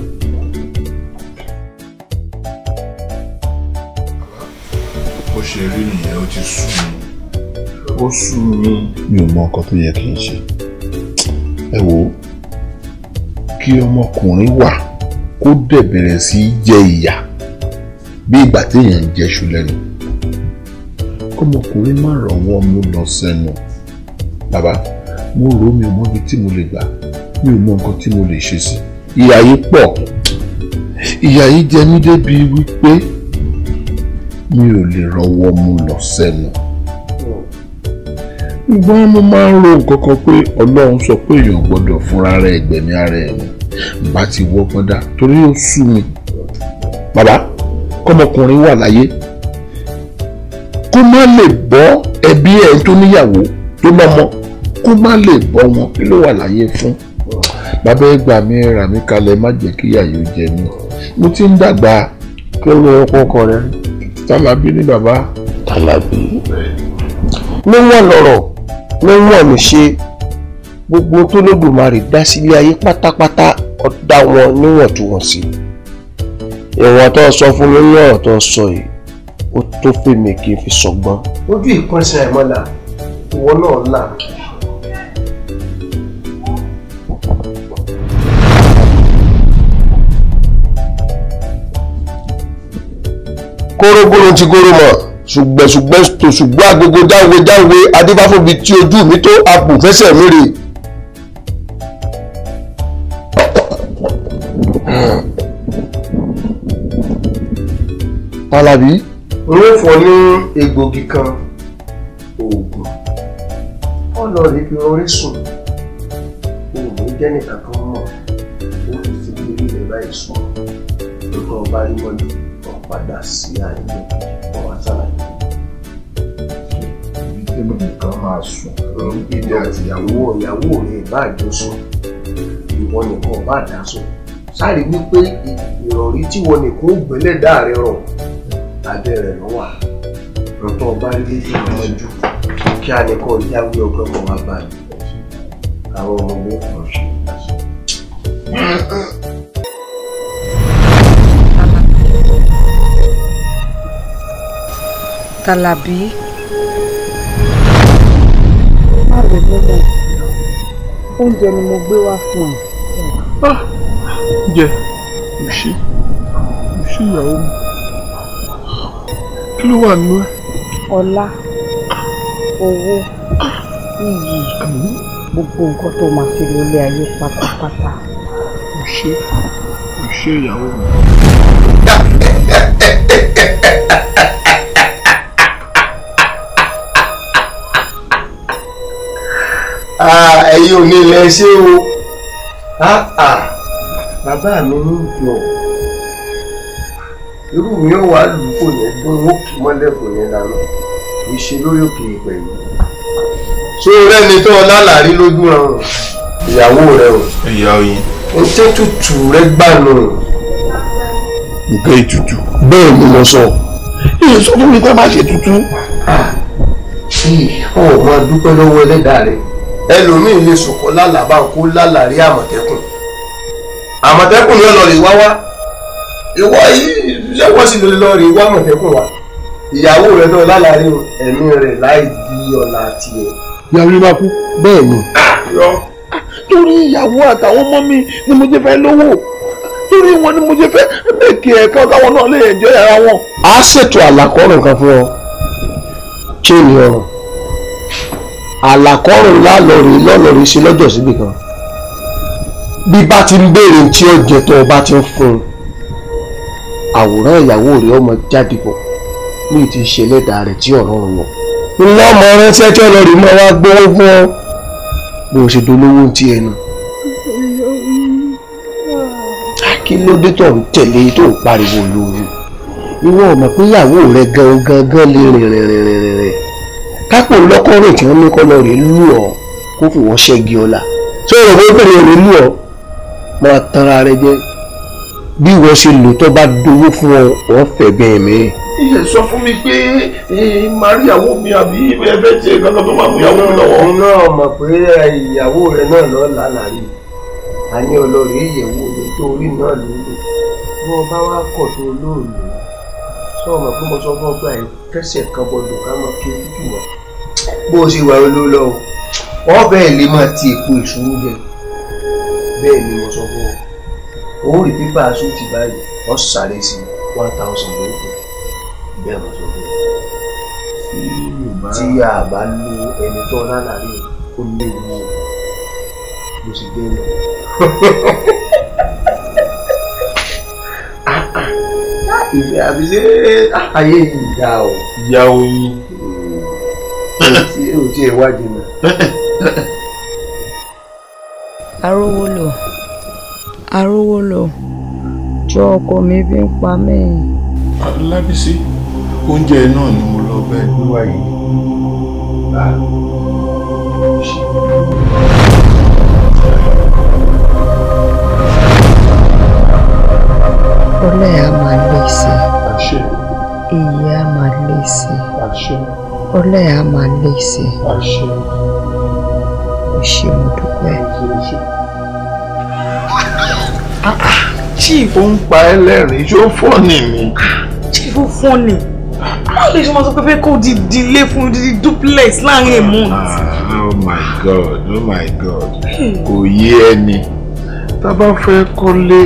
bó ṣe rí nìyẹn ó ti sú mi ó sú mi. mi ò mọ ọkọ tó yẹ kí n ṣe ẹ wò ó kí ọmọkùnrin wà kó dẹ̀ bẹ̀rẹ̀ sí í jẹ ìyà bí ìgbà téèyàn ń jẹṣu lẹ́nu kọ́mọkùnrin má ràn mo mú lọ sẹ́nu bàbá mo rò ó mi ibi tí mo lè gbà mi ò mọ nǹkan tí mo lè ṣe sí ìyà yìí pọ̀ ìyà yìí jẹ mí débi wípé mi ò lè rọwọ́ mú lọ sẹ́nu ṣùgbọ́n mo máa ń ro nǹkan kan pé ọlọ́run sọ pé èèyàn gbọ́dọ̀ fúnra rẹ̀ gbẹ̀mí ara ẹ̀ ni bá ti wọ́gbọ́n dá torí ó sú mi bàbá kọ́mọkùnrin wà láyé kó má lè bọ́ ẹbí ẹ̀ tó níyàwó tó lọ́mọ kó má lè bọ́ wọn kí ló wà láyé fún bàbá ẹ gbà rà mí kalẹ̀ má jẹ́ kí yàyò jẹ mí mo ti ń dàgbà kí ló yẹ kọ́kọ́ rẹ tálábí ni bàbá. tálábí ló wọ̀n lọ́rọ̀ ló wọ̀n ló ṣe gbogbo tó lódùmarè dá sílé ayé pátápátá ọ dá wọn níwọ̀ntúnwọ̀nsì ìwọ̀n tó sọ fún mi ní ọ̀rọ̀ tó sọ yìí ó tó fèmí kí n fi sọgbọ́n. ojú ìkọ́sẹ̀ àìmọ́là ìwọ náà là. kórógbó ló ti kóró mọ̀ ṣùgbọ́n ṣùgbọ́n tó ṣùgbọ́n agogo jáwe jáwe adébáfóbi tí ojú mi tó apò fẹsẹ̀ mi rè é. alábí. n ó fọ ní egbògi kan oògùn ọ̀nà rẹ̀ fi rọrí sùn oògùn jẹ́ nìkan kan mọ̀ ó lè fi bí ilé báyìí sùn tó kàn bá rí mọ́lú ọ̀padà sí àyè ọ̀wá sálàyé. ìdílé nìkan máa sùn lórí ilé àti ìyàwó ìyàwó rẹ̀ bá jọ sùn ìwọ nìkan bá dá sùn sáré wípé ìrọ̀rí tí wọn nìkan ó gbẹ́lẹ̀ dáa rẹ̀ rọ̀ abẹ́ rẹ̀ ló wà lọ́tọ́ bá rí létí ìtọ́jú kí a ní kó yáwé ọgbẹ́ kan wá bá mi àwọn ọmọ mi kàn ṣe. Tàlàbí má lè lọ́wọ́ oúnjẹ ni mo gbé wá fún ọ. Ah, oúnjẹ kò sí ìyàwó mi ló wà nù ẹ. ọlá owó iyì gbogbo nǹkan tó máa fi lólé ayé pátápátá kò ṣe kò ṣe ìyàwó mi. Ah, ẹ̀yin ò ní ilẹ̀ ṣé o ah, ah. bàbá mi ní ìjọ irú mi ò wá lù kò yẹn tó ń kí mọ́lẹ́kùn yẹn dànù ìṣe lórí òkè pẹ̀lú. ṣé rẹ́ni tó lálàrí lójú ọ̀run ìyàwó rẹ o. ìyá oyin. o tẹ́ tutù rẹ gbànú. nǹkan ètùtù. bẹ́ẹ̀ ni mo sọ èyí sọ fún mi pé má ṣe tutù. ọ máa dúpẹ́ lọ́wọ́ ẹlẹ́dàá rẹ ẹlòmíín lè sọ̀kọ́ lálàbà kó lálàrí àmọ̀tẹ́kùn àmọ̀tẹ́kùn yóò lọ rè wá wá ìwọ yìí ṣé wọ́n sì lè lọ rí ìwọ àmọ̀tẹ́kùn wa ìyàwó rẹ náà lálàárín ẹ̀mí rẹ̀ láì di ọ̀la tiẹ̀. ìyàwó ni máa kú bẹ́ẹ̀ ni. torí ìyàwó àtàwọn ọmọ mi ni mo jẹ́ fẹ́ lówó torí wọn ni mo jẹ́ fẹ́ bẹ́ẹ̀kì ẹ̀kọ́ káwọn náà lè ẹ̀jọ́ yàrá wọn. a ṣètò àlàkọ́rùn kan fún ọ chain ọrùn àlàkọ́rùn lálọ́rin lọ́lọ́rin ṣe lọ́jọ́ síbì kan bí bá ti ń béèrè tí ó jẹ tó o bá ti ń fún un àwòrán ìyàwó rẹ̀ ọmọ jáde bọ̀ ní ti ṣe lẹ́dàá rẹ̀ tí ọ̀rọ̀ wọn. ńlá ọmọ ránṣẹ́ tí ọlọ́rì máa wá gbówó fún ọ bí o ṣe dolówó ti ẹnu. Ah, kí ló dé tó ń tẹ̀lé tó ń pariwo lóru ìwọ ọmọ pé ìyàwó rẹ gan gan lè rìn rìn rìn rìn rìn kápò lọ́kọ́rìn tí wọ́n ní kọ́ lọ́ọ́ lù ọ́ kó fìwọ́ ṣẹ́gi ọ̀la tó rò wọ́n pè ní lù ọ́ máa tanra rẹ jẹ́ bí ìwọ ṣe lò tó bá dowó fún ọ ọ fẹ̀gbẹ́ mi. iye sọ fún mi pé maríyàwó mi àbí ẹbẹ tí nǹkan tó máa mú ìyàwó mi lọ́wọ́. mo náà mọ̀ pé ìyàwó rẹ náà lọ lálàyé àní olórí ìyẹ̀wò mi tó orí náà ló lò bí wọ́n bá wá kọ̀ tó olóòlù sọ ma pé mo sọ fún ọgbà yìí kẹsẹ̀ kan gbọdọ̀ ká máa fi ojú mọ́ bó o ṣe wà ló lọ o ọbẹ̀ lè bẹ́ẹ̀ ni mo sọ fún ọ owó rí pípa aṣọ ti báyìí ọ sáré sí one thousand lóògùn bẹ́ẹ̀ mo sọ fún un tí a bá lo ẹni tó lálàrí ó léwu mo sì dé lọ. ìfẹ́ àbí ṣé ayé yìí dá o. yín. tí ò tí ì wájú mi. arówó lò arówólò jọ ọkọ mi bí ń pa mí. Adúlábísí oúnjẹ náà ni mo lọ bẹ wíwá yìí. Ọlẹ́ a máa lé sí i. Iyì a máa lé sí i. Ọlẹ́ a máa lé sí i. Ò ṣe mo dúpẹ́ chief ó ń pa ẹlẹ́rìn ṣó fọ́ọ̀nì ni. chief ó fọ́ọ̀nì báwo lè ṣe máa sọ pé fẹ́ kó di ilé fún di duplex láàrin èmọ. Ah, oh my god oh my god hmm. kò yé ẹni tá a bá fẹ́ kọ́lé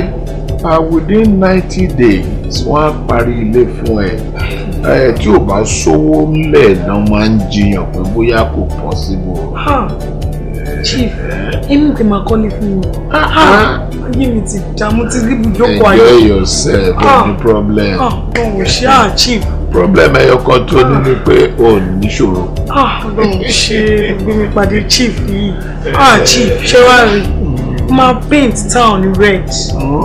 ah, within ninety days wọ́n á parí ilé fún ẹ ẹ hmm. eh, tí ò bá sówó ńlẹ̀ náà máa ń jiyàn pé bóyá kò possible. Eh, chief èmi eh. kò máa kọ́lé fún mi. Ah, ayé mi ti dààmú ti rí ibùjókòó ayé. enjoy yourself ah, no be problem. ọ̀hún ah, ò ṣe àchíf. problem ẹyọ kan tó ní ni pé o níṣòro. ọlọ́run ah, ṣe gbẹmí pàdé chief yìí ah chief ṣé wàá rí máa paint town red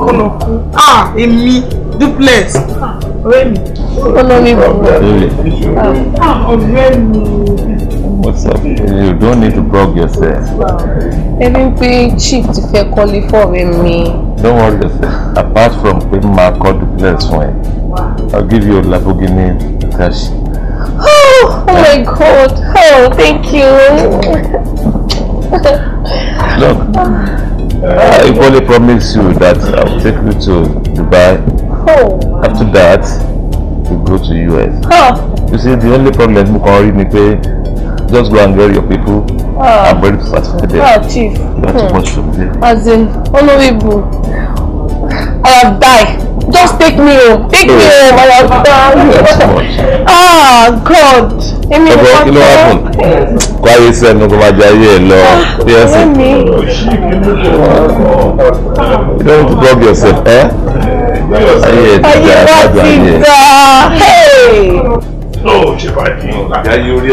kọ́nà kú ah èmi duplex ọ̀rẹ́ mi. ọlọ́run mi bọ̀ ọ̀rẹ́ mi. ọ̀rẹ́ mi. What's up? You don't need to plug yourself. Ẹbí ń pé chief ti fẹ́ kọ́lé fọ̀rẹ́ mi. Don't worry yourself. Apart from paying my kọ́ to fún ẹ, I'll give you a Lamborghini cash. Oh, oh my God! Oh, thank you. Look, I I've only promised you that I'll take you to Dubai. Oh. After that, we go to US. Huh. You see, the only problem is kàn rí Just go and get your people. Uh, I'm ready to satisfy them. Ah, Chief. You are hmm. too much for me. As in, honorable. I have died. Just take me home. Take yes. me oh. home. I have died. Ah, God. Èmi ò wá kọ́. Kọ́ ayé sẹ́nu kó máa jẹ ayé ẹ̀ lọ. Yes. You don't want to rob yourself, eh? Ayé ẹ̀ ti Hey! No, Sheba, oh, no, yeah, you don't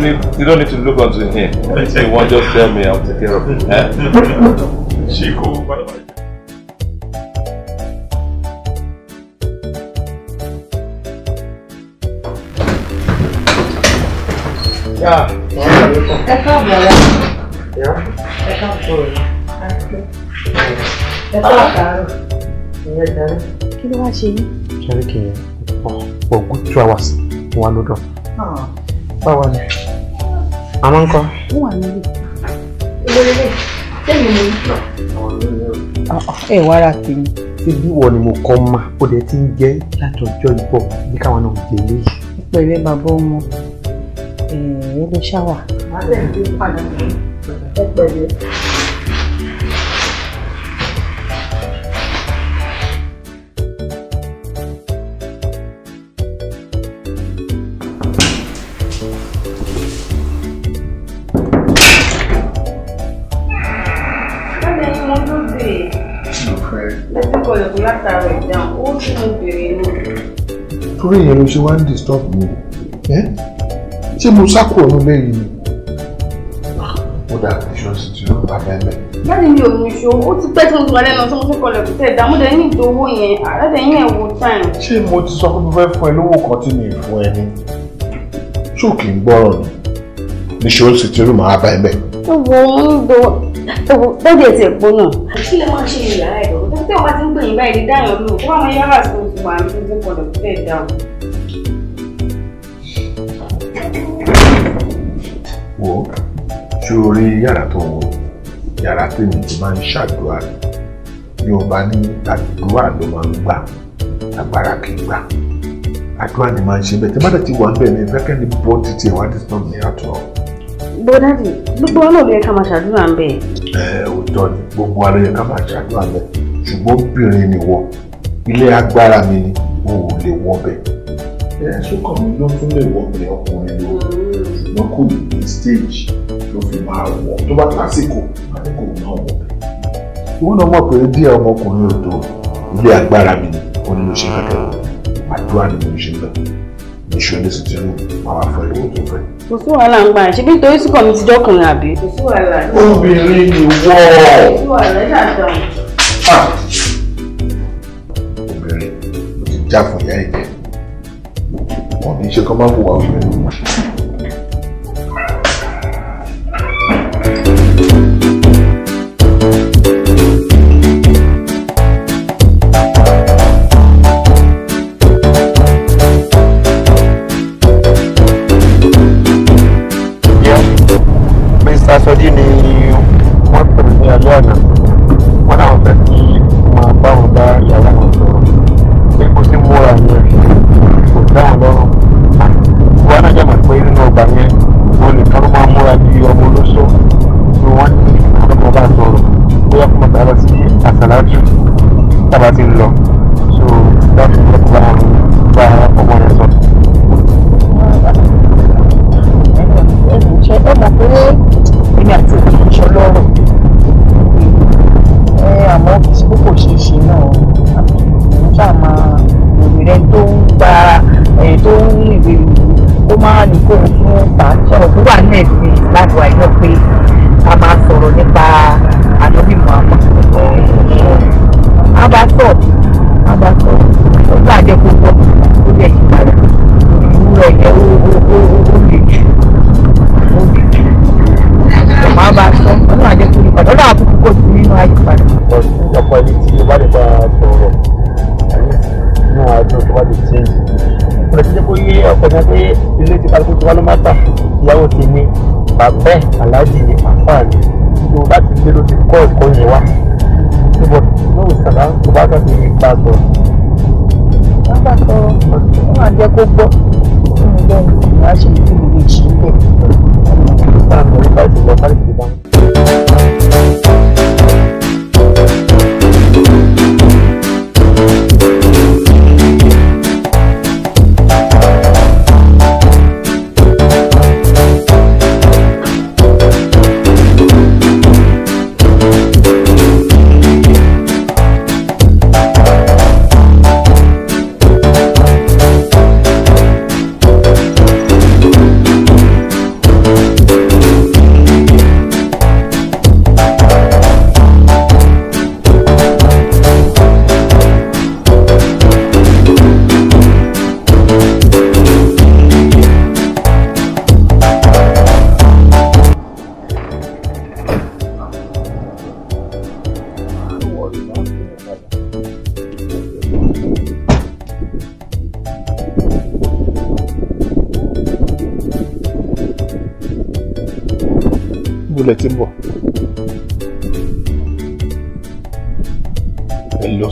need, you don't need to look onto him. If you want, just tell me, I'll take care of it. Eh? she goes. Bye bye. Yeah. Ẹ káàbọ̀ ọ̀la. Ẹ káàbọ̀ ọ̀la. Ẹ káàbọ̀ ọ̀la. Ẹ káàbọ̀ ọ̀la. Kí ló wá ṣe yín? Kí ló kì í yẹn? for for good two hours do. ah, lọ́dọ̀. báwo ni àmọ́ ń kọ́. wọ́n wà nílé ìwọlélẹ̀ sẹ́yìn ah, ń sọ. ẹ wá ara tèmi. ibi wọ ni mo kọ́ ma ó dẹ̀ ti ń jẹ́ láti ọjọ́ ìbọ̀ bí káwọn náà jẹ ilé yìí. pẹ̀lẹ́ bàbá ọmọ ẹ̀ẹ́dẹ́gbẹ̀ṣáwà. má bẹ̀rẹ̀ bí padà ẹ pẹ̀lẹ́. ìgbàdí kọ yọ̀kú látara ìdáhùn ó tún mú bèrè inú. torí ìyẹn ló ṣe wá ń disturb mi ṣé mo sáko ọ̀run lẹ́yìn ni ó dà iṣan sì ti lọ́ọ́ bàbá ẹ̀mẹ́. láti mi ò mú iṣu ó ti pẹ́ tí mo ti wà lẹ́nu tí mo ti kọlẹ̀ kò tẹ̀ dámú dẹ̀ ní ìdówó yẹn àrẹ́dẹ̀ yẹn wo time. ṣé mo ti sọ pé mo fẹ́ fún ẹ lówó kan tí mi ì fún ẹ ní ṣó kì í gbọ́ràn ni níṣó sì ti rú màá ẹ̀mẹ́. ẹ wo ń gbọ́ ẹ wo tí wọ́n bá ti ń pè yín báyìí lè dáyọ̀ lò kó àwọn yàrá tó ti wà ní tó gbọdọ̀ tó fẹ́ dà o. wo ṣé o rí yàrá tó ń wọ yàrá tèmi tó máa ń ṣàdúrà rẹ yóò bá ní àdúrà ló máa ń gbà agbára kì í gbà àdúrà ni máa ń ṣe bẹ́ẹ̀ tí bá dẹ̀ ti wà ń bẹ̀ ní fẹ́kẹ́ ní bọ́ọ̀dì tí ìwádìí tó ní àtọ̀. bọ́dàdì gbogbo ọlọ́ọ̀lù yẹ ká máa ṣàdúrà ń bẹ̀. ẹ ò tọ́ ni gbogbo ara yẹ ká máa ṣàdúrà bẹ́ẹ̀ ṣùgbọ́n obìnrin nìwọ ilé agbára mi ni o ò lè wọbẹ̀. ẹ̀sùnkàn mi ló tún lè wọbẹ̀ ọkùnrin lọ ṣùgbọ́n kò ní ní stage ló fi máa wọ̀ tó bá lásìkò àdínkù náà wọbẹ̀. ìwọ náà mọ̀ pé díẹ̀ ọmọkùnrin ò tó ilé agbára mi ni o ní ló ṣe kẹ̀kẹ́ wọ̀ àdúrà ni mo ṣe lọ ìṣòro sì ti rú àwọn afọlẹ́wò tó fẹ́. kò sí wàhálà ń gbà ṣe bí torí sí kọ̀mí ti jọkùnrin àbí. kò sí wàhálà. obìnrin ni wọ́ọ̀. kò sí wàhálà ṣáà dáhùn. Ah. obìnrin ló ti já fún ìyá ìjẹ wọn ní í ṣe kán má hùwà obìnrin. Mr. Sodini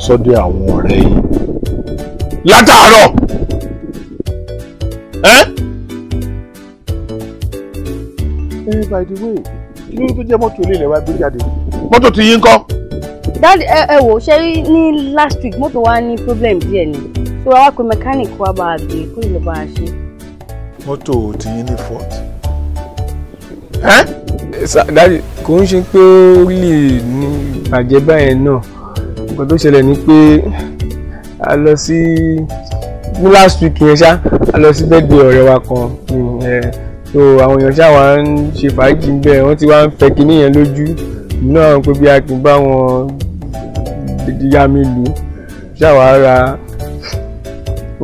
sọ́dọ̀ àwọn ọ̀rẹ́ yìí látàárọ̀ ẹ́. ẹ by the way kí ló tó jẹ́ mọ́tò ilé ilẹ̀ wa gbé jáde mọ́tò ti yín kọ́. dáàdi ẹ ẹ wò ṣe ní last week mọ́tò wa ní problem díẹ̀ ni so àwa pe mechanic wa bá a gbé kó lè bá a ṣe. mọ́tò ti yín ní fault. ẹ́. dáàdi kò ń ṣe pé ó lè ní bàjẹ́ báyẹn náà nǹkan tó ṣẹlẹ̀ ni pé a lọ sí ní last week yẹn ṣá a lọ sí birthday ọ̀rẹ́ wa kan so àwọn èèyàn ṣá wa ń ṣe fàájì ń bẹ̀ wọ́n ti wá ń fẹ́ kinní yẹn lójú náà pé bí a kì í bá wọn ya mi lù ú ṣá wa ra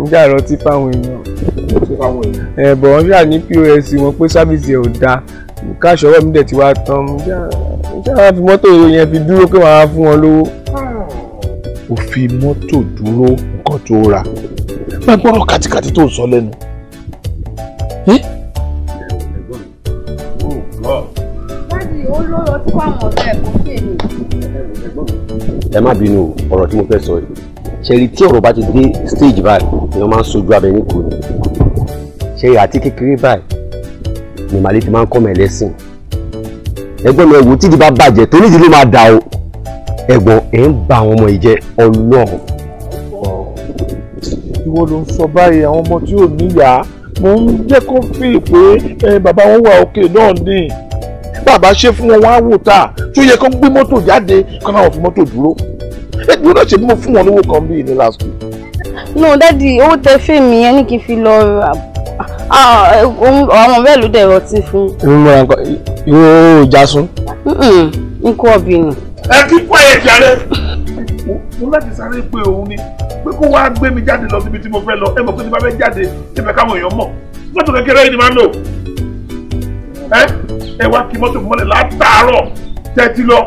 ń ṣá lọ tí fáwọn èèyàn ẹ̀ bọ̀ wọ́n ṣá ní pọ́s wọn pé sábìsì ẹ̀ ò dáa káṣọ́wọ́ mi dẹ̀ ti wá tán ṣá wa fi mọ́tò yẹn fi dúró pé màá fún wọn lówó. Ah, o fi mọ́tò dúró nǹkan tó rà máa gbọ́rọ̀ kàtìkàtì tó ń sọ lẹ́nu. ẹ má bínú ọ̀rọ̀ tí mo fẹ́ sọ yìí ṣẹ̀rí tí ọ̀rọ̀ bá ti dé stage báyìí èèyàn máa ń sojú abẹ níkù ni ṣẹ̀rí àti kékeré báyìí ni màlẹ́ ti máa ń kọ́ mọ̀ ẹ̀lẹ́sìn ẹgbẹ́ mi ẹ̀ wò tí ìdí bá bàjẹ́ tó nídìí ló máa dà o ẹ̀gbọ́n ẹ̀ ń ba àwọn ọmọ ìjẹ ọlọ́run. ìwọ ló ń sọ báyìí àwọn ọmọ tí ò níyàá mo ń jẹ́ kó fi pé bàbá wọn wà òkè náà ní bàbá ṣe fún wọn wọn wò tá tó yẹ kó gbé mọ́tò jáde kó náà fi mọ́tò dúró ètò náà ṣe bí mo fún wọn lówó kan bíi ní last week. no dadi owó tẹ fèmí ẹni kì í fi lọ rà àwọn ló dẹ̀ rọtí fún. ìwọ ìjà sún. nkú ẹ kí kú ẹyẹ jàre mo láti sáré pé òun ni pé kó wá gbé mi jáde lọ síbi tí mo fẹ́ lọ ẹ mọ̀ pé tí bá fẹ́ jáde ibẹ̀ káwọn èèyàn mọ̀ mọ́tò kékeré yìí ni máa ń lò ẹ ẹ wá kí mọ́tò mọ́lẹ̀ látàárọ̀ tẹ́tí lọ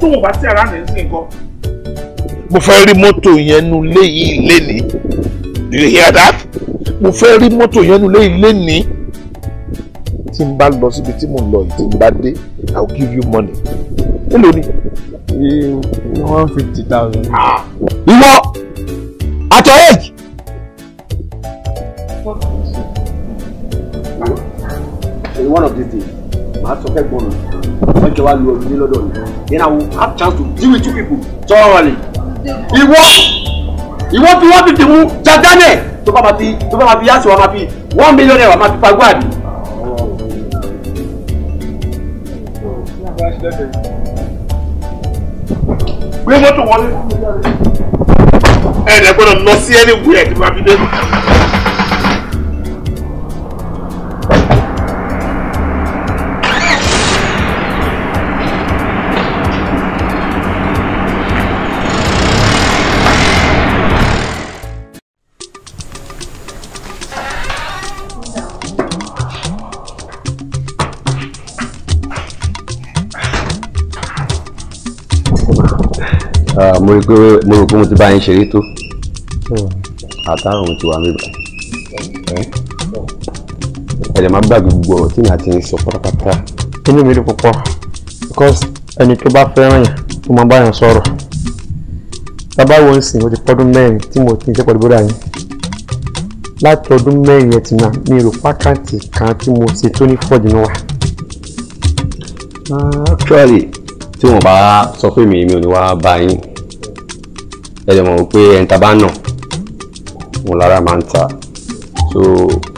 tó wò bá sí ara rẹ̀ sí nǹkan. mo fẹ́ rí mọ́tò yẹn nu léyìí lénìí do you hear that mo fẹ́ rí mọ́tò yẹn nu léyìí lénìí tí n bá lọ síbi tí mò ń lọ tí n bá dé i will give you money nílò ni. one fifty thousand. Ah! ìwọ at your age. one of these days màá sọ fẹ́ gbọ́n náà wọ́n jọ wá lu ọdún lọ́dọ̀ yìí then I will have chance to deal with two people thoroughly. ìwọ ìwọ bí wọ́n fi dìbò jajanẹ̀ tó bá ma fi tó bá ma fi yá sí wa ma fi one million naira ma fi fagbọ́ àbí. gbé mọ́tò wọlé ẹ̀ẹ́dẹ̀ gbọ́dọ̀ lọ sí ẹni wíẹ̀ tí wàá fi dé. mo rò pé mo rò pé mo ti bá yín ṣeré tó hmm. àtàrùn ti wà mí báyìí ẹ̀jẹ̀ máa gbàgbé gbogbo ọ̀rọ̀ tí mi àti yín sọ pátápátá. inú mi dùn púpọ̀ because ẹni tó bá fẹ́ràn yàn tó máa bá yàn sọ̀rọ̀ tábàwọ̀ ń sìn ó ti pọ́dún mẹ́rin tí mo ti ń ṣe pẹ̀lú yín láti ọdún mẹ́rin ẹ̀ tì náà mi rò pákàtì kan tí mo ṣe tó ní fọ́ọ̀dù náà wà. actually tí wọn bá sọ pé mi mi ò ní wá bá yín ẹ̀rẹ̀ mọ̀ pé ẹ̀ńtà bá nà wọn lára máa ń ta so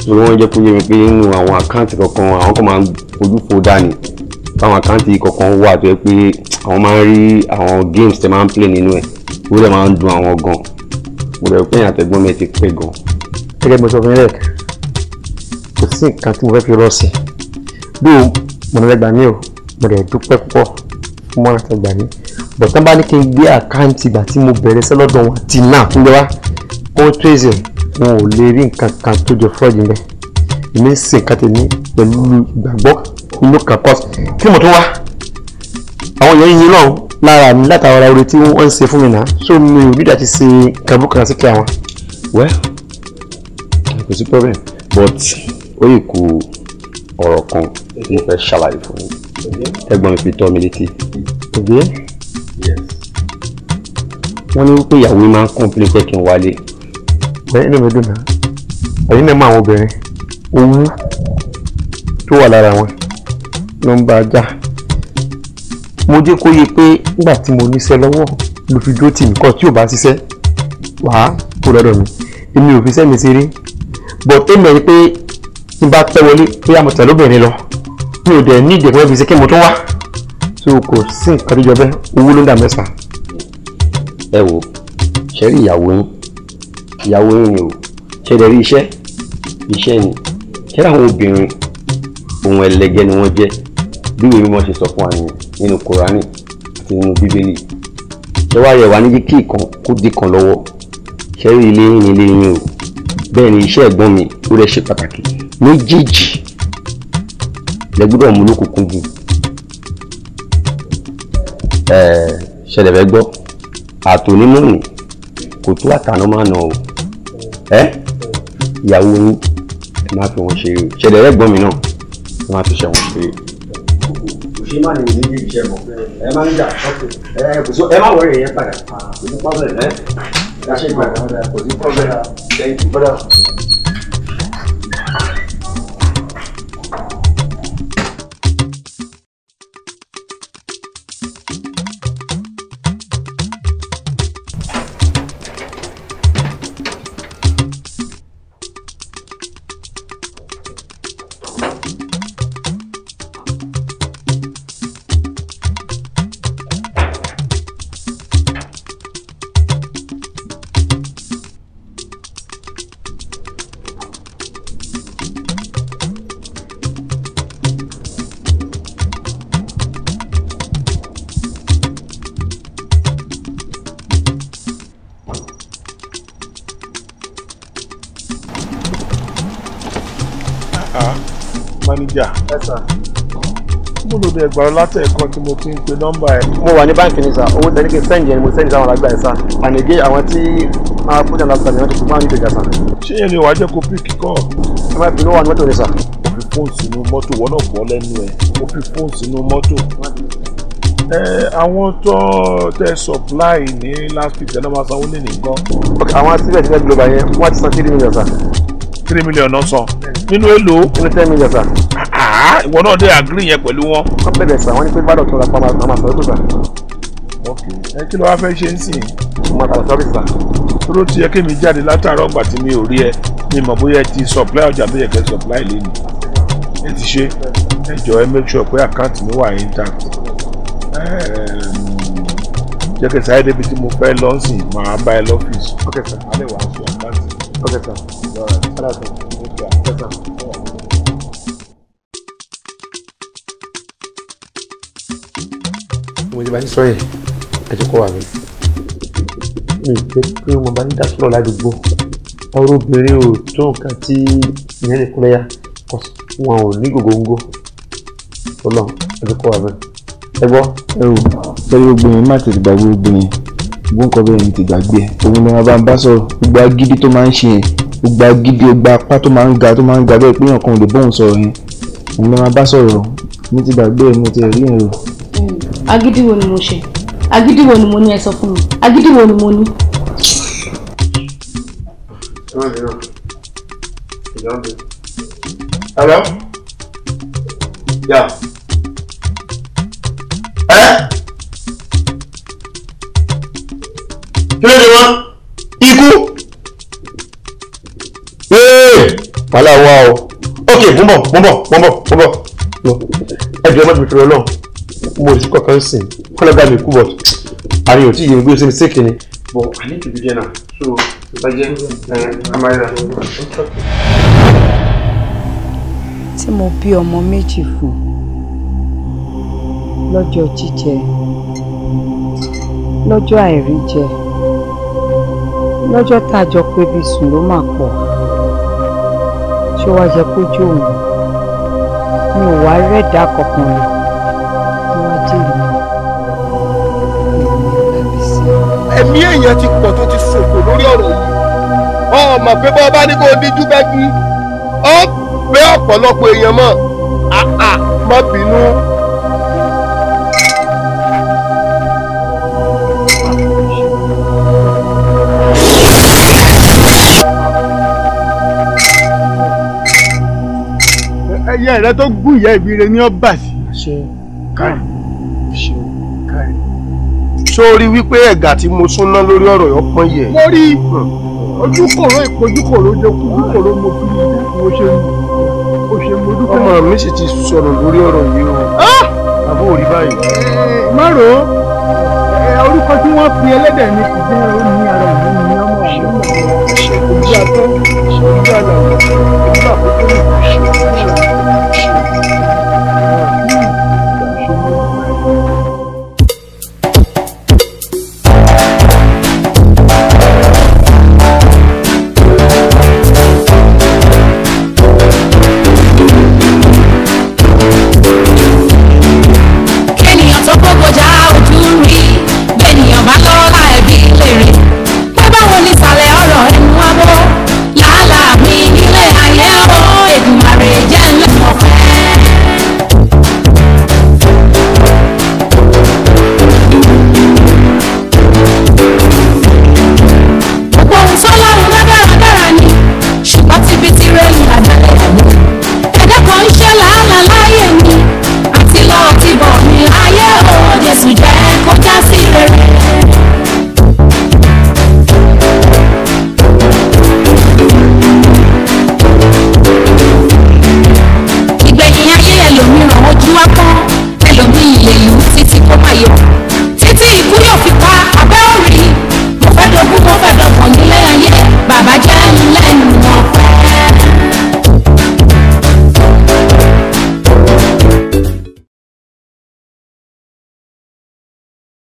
so wọ́n jẹ́ kó yé mi pé nínú àwọn àkáǹtì kankan àwọn kan máa ń fojú fo dání táwọn àkáǹtì kankan wà tó yẹ pé àwọn máa ń rí àwọn games tẹ máa ń play nínú ẹ̀ ó dẹ̀ máa ń dùn àwọn gan mo rẹ̀ pé àtẹ̀gbọ́n mi ti pé gan. gẹ́gẹ́ bí mo sọ fún yín lẹ́ẹ̀kan kò sí nǹkan tí mo fẹ́ fi rọ́ sí i bí mo mọ̀nà lẹ́gbàá mi ò mo rẹ̀ dúpẹ́ púpọ̀ fún mọ́nà tẹ̀gbàá mi but tán bá ní kí n gbé àkáǹtì ìgbà tí mo bẹ̀rẹ̀ sẹ́ lọ́dọ̀ wọn àti náà fún mi wá owó tírèsì wọn ò lè rí nǹkan kan tó jọ fraud níbẹ̀ èmi ń sin nǹkan tèmi pẹ̀lú ìgbàgbọ́ inú kan kọ́ kí mo tó wá àwọn èèyàn yìí náà lára mi látara oore tí wọ́n ń ṣe fún mi náà so mi ò nídàá ti ṣe kàbúkàrà sí kí àwọn. well kò sí problem but ó yẹ kó ọ̀rọ̀ kan tí mo fẹ́ ṣàlàyé fún mi ẹ̀gbọ́n mi fi tọ́ mi létí wọ́n ní pé ìyàwó máa ń kọ́ńpìlì pé kí n wálé. ẹ̀yin lèmi dùn náà ẹ̀yin lè mọ àwọn obìnrin owó tó wà lára wọn ló ń bá a já mo jẹ́ kó yé pé nígbà tí mo níṣẹ́ lọ́wọ́ ló fi dúró tì mí kọ́ tí ò bá ṣiṣẹ́ wàá kó lọ́dọ̀ mi èmi ò fi sẹ́mi ṣeré but èmi rí pé tí bá pẹ́ wọlé pé àmọ̀ tẹ̀lé obìnrin lọ mi ò dẹ̀ ní ìdẹ̀kọ́ fi ṣe kí mo tó wá so kò sí nǹkan tó jọ bẹ́ẹ̀ owó ló ń dà mẹ́sàn-án ẹ wò ṣe rí ìyàwó yín ìyàwó yín ni o ṣe lè rí iṣẹ́ iṣẹ́ ni ṣe àwọn obìnrin ohun ẹlẹgẹ́ ni wọ́n jẹ́ bí ìwé mímọ́ ṣe sọ fún wa nìyẹn nínú kùránì àti nínú bíbélì ṣe wá yẹ wá ní kí ìkan kó dì kan lọ́wọ́ ṣe rí ilé yín ilé yín o bẹ́ẹ̀ ni iṣẹ́ ẹ̀gbọ́n mi ó rẹ̀ ṣe pàtàkì méjèèjì lẹ gbọ́dọ̀ mú lókùnkùn jù ṣẹlẹ̀ fẹ́ gbọ́ àtònímọ̀nì kò tó àtàná máa nà o ẹ ìyàwó yín ẹ máa fi wọn ṣeré o ṣẹlẹ̀ rẹ̀ gbọ́n mi náà ẹ máa fi ṣe wọn ṣeré. ṣé má ní ìlú yìí ṣe mọ̀ ẹ má ń jà ẹ kò so ẹ má wọrí ẹ̀yẹ padà kò sí pọ́bẹ̀lì ẹ ṣe gbàgbọ́ kò sí pọ́bẹ̀lì thank you brother. àti ẹgbàá látẹ̀ kan tí mo fi ń pe nọ́mbà ẹ̀. mo wà ní báńkì ní sà owó tẹ ní kí n sẹ́ǹdì yẹn ni mo sẹ́ǹdì sáwọn alágbà ẹ̀ sà ànìgé àwọn tí máa fún ìjàmbá sàmì wọn ti fún máa ń gbèjà sàn. ṣé yẹn ni wàá jẹ́ kó píìkì kọ́? ẹ máa bínú wà ní mọ́tò rẹ sà. mo fi fóònù sínú mọ́tò wọ́n náà bọ́ lẹ́nu ẹ̀ mo fi fóònù sínú mọ́tò àwọn tó tẹ supply ní last week ẹ̀ náà máa sanwó global yẹn wọ́n ti three million sa. three million náà san nínú èlò. nínú ten million sa ìwọ náà dé àgírí yẹn pẹ̀lú wọn. wọ́n bẹ̀rẹ̀ sà wọ́n ní pé bàdàn tó ra pàmò àmà sọ̀rọ̀ tó sà. ok ẹ kí ló wá fẹ́ ṣe ń sìn. mo máa tà sọ́ọ́bì sà. tóró ti yẹ kí mi jáde látàárọ̀ ọgbà tí mi ò rí ẹ mi mọ̀ bóyá ẹ ti supply ọjà bí ẹ̀kẹ́ supply lé mi. ẹ ti ṣe ẹ jọ ẹ make sure pé àkáǹtì mi wà intact. jẹ́ kí sáyé débi tí mo fẹ́ lọ́ọ̀sìn máa bá ẹ lọ́fíìsì. ok sir. alẹ́ wàá sọ àkáǹtì. ok sir. bá ní sọ yẹ ẹ ti kọ́ wà mí mi jẹ́ pé mo bá ní dásọ̀rọ̀ ládùúgbò ọ̀rọ̀ obìnrin ò tó nǹkan tí ìyẹn lè kúlẹ̀ yá wọn ò ní gògóńgò ọlọ́run ẹ ti kọ́ wà mí ẹ gbọ́. ẹ o sẹ́yìn obìnrin má tètè gbàgbé obìnrin gbọ́ǹkan bẹ́ẹ̀ ni ti gbàgbé ẹ̀ òun ni wọn bá ń bá sọ̀rọ̀ gbogbo agídí tó máa ń ṣe yẹn gbogbo agídí gbogbo apá tó máa ń ga tó máa ń ga bẹ́ẹ̀ pé èèyàn kan ò lè bóun sọ̀rọ̀ yẹn òun ni wọn bá sọ̀rọ̀ ní ti gbàgbé ẹ̀ mo ti rí ẹ̀ rò agídí wo ni mo ṣe agídí wo ni mo ní ẹ sọ fún mi agídí wo ni mo ní. hello Yeah. ẹ eh? kí ló dé wọn ikú wàhálà wa o ok mo ń bọ̀ mo ń bọ̀ mo ń bọ̀ mo ń bọ̀ ẹ jọ̀ọ́ ẹ má bìtìrì Ọlọ́run mo ti kọ̀ọ̀kan sìn kọ́lọ́gà mi kú bọ̀ àrí òtí yìí ń gbé sẹ́mi sẹ́kì ni. but i need to be there now so eh, amáyà. tí mo bí ọmọ méjì fún lọ́jọ́ jíjẹ lọ́jọ́ àìríjẹ lọ́jọ́ tá a jọ pé bí sùn ló mà pọ̀ ṣé wàá jẹ kójú òun mi ò wá rẹ́ẹ̀dá kankan lọ. ẹ̀mí èèyàn ti pọ̀ tó ti sòkò lórí ọ̀rọ̀ yìí ọmọ pé bọ́ bá ní kó díjú bẹ́ gbí ọ pé ọ̀pọ̀lọpọ̀ èèyàn mọ̀ àà má bínú. ẹyẹ rẹ tó gún ìyá ìbí rẹ ní ọba sí. ṣe kárí ṣe kárí sórí wípé ẹ̀gà tí mo súnná lórí ọ̀rọ̀ yọ pọ́n yẹ. mo rí ojúkòrò ìpojúkòrò jẹ kújúkòrò mo fi mo ṣe mo ṣe mo dúpẹ́. ọmọ mi sì ti sọ̀rọ̀ lórí ọ̀rọ̀ yìí o ah! àbó rí báyìí. Eh, má rò ó eh, orúkọ tí wọ́n fi ẹlẹ́dẹ̀ mi kò jẹ́ omi ara ìlú mi ọmọ mi ojú atọ́ ojú àdàlù ojú àkókò mi kò ṣe kò ṣe kò ṣe.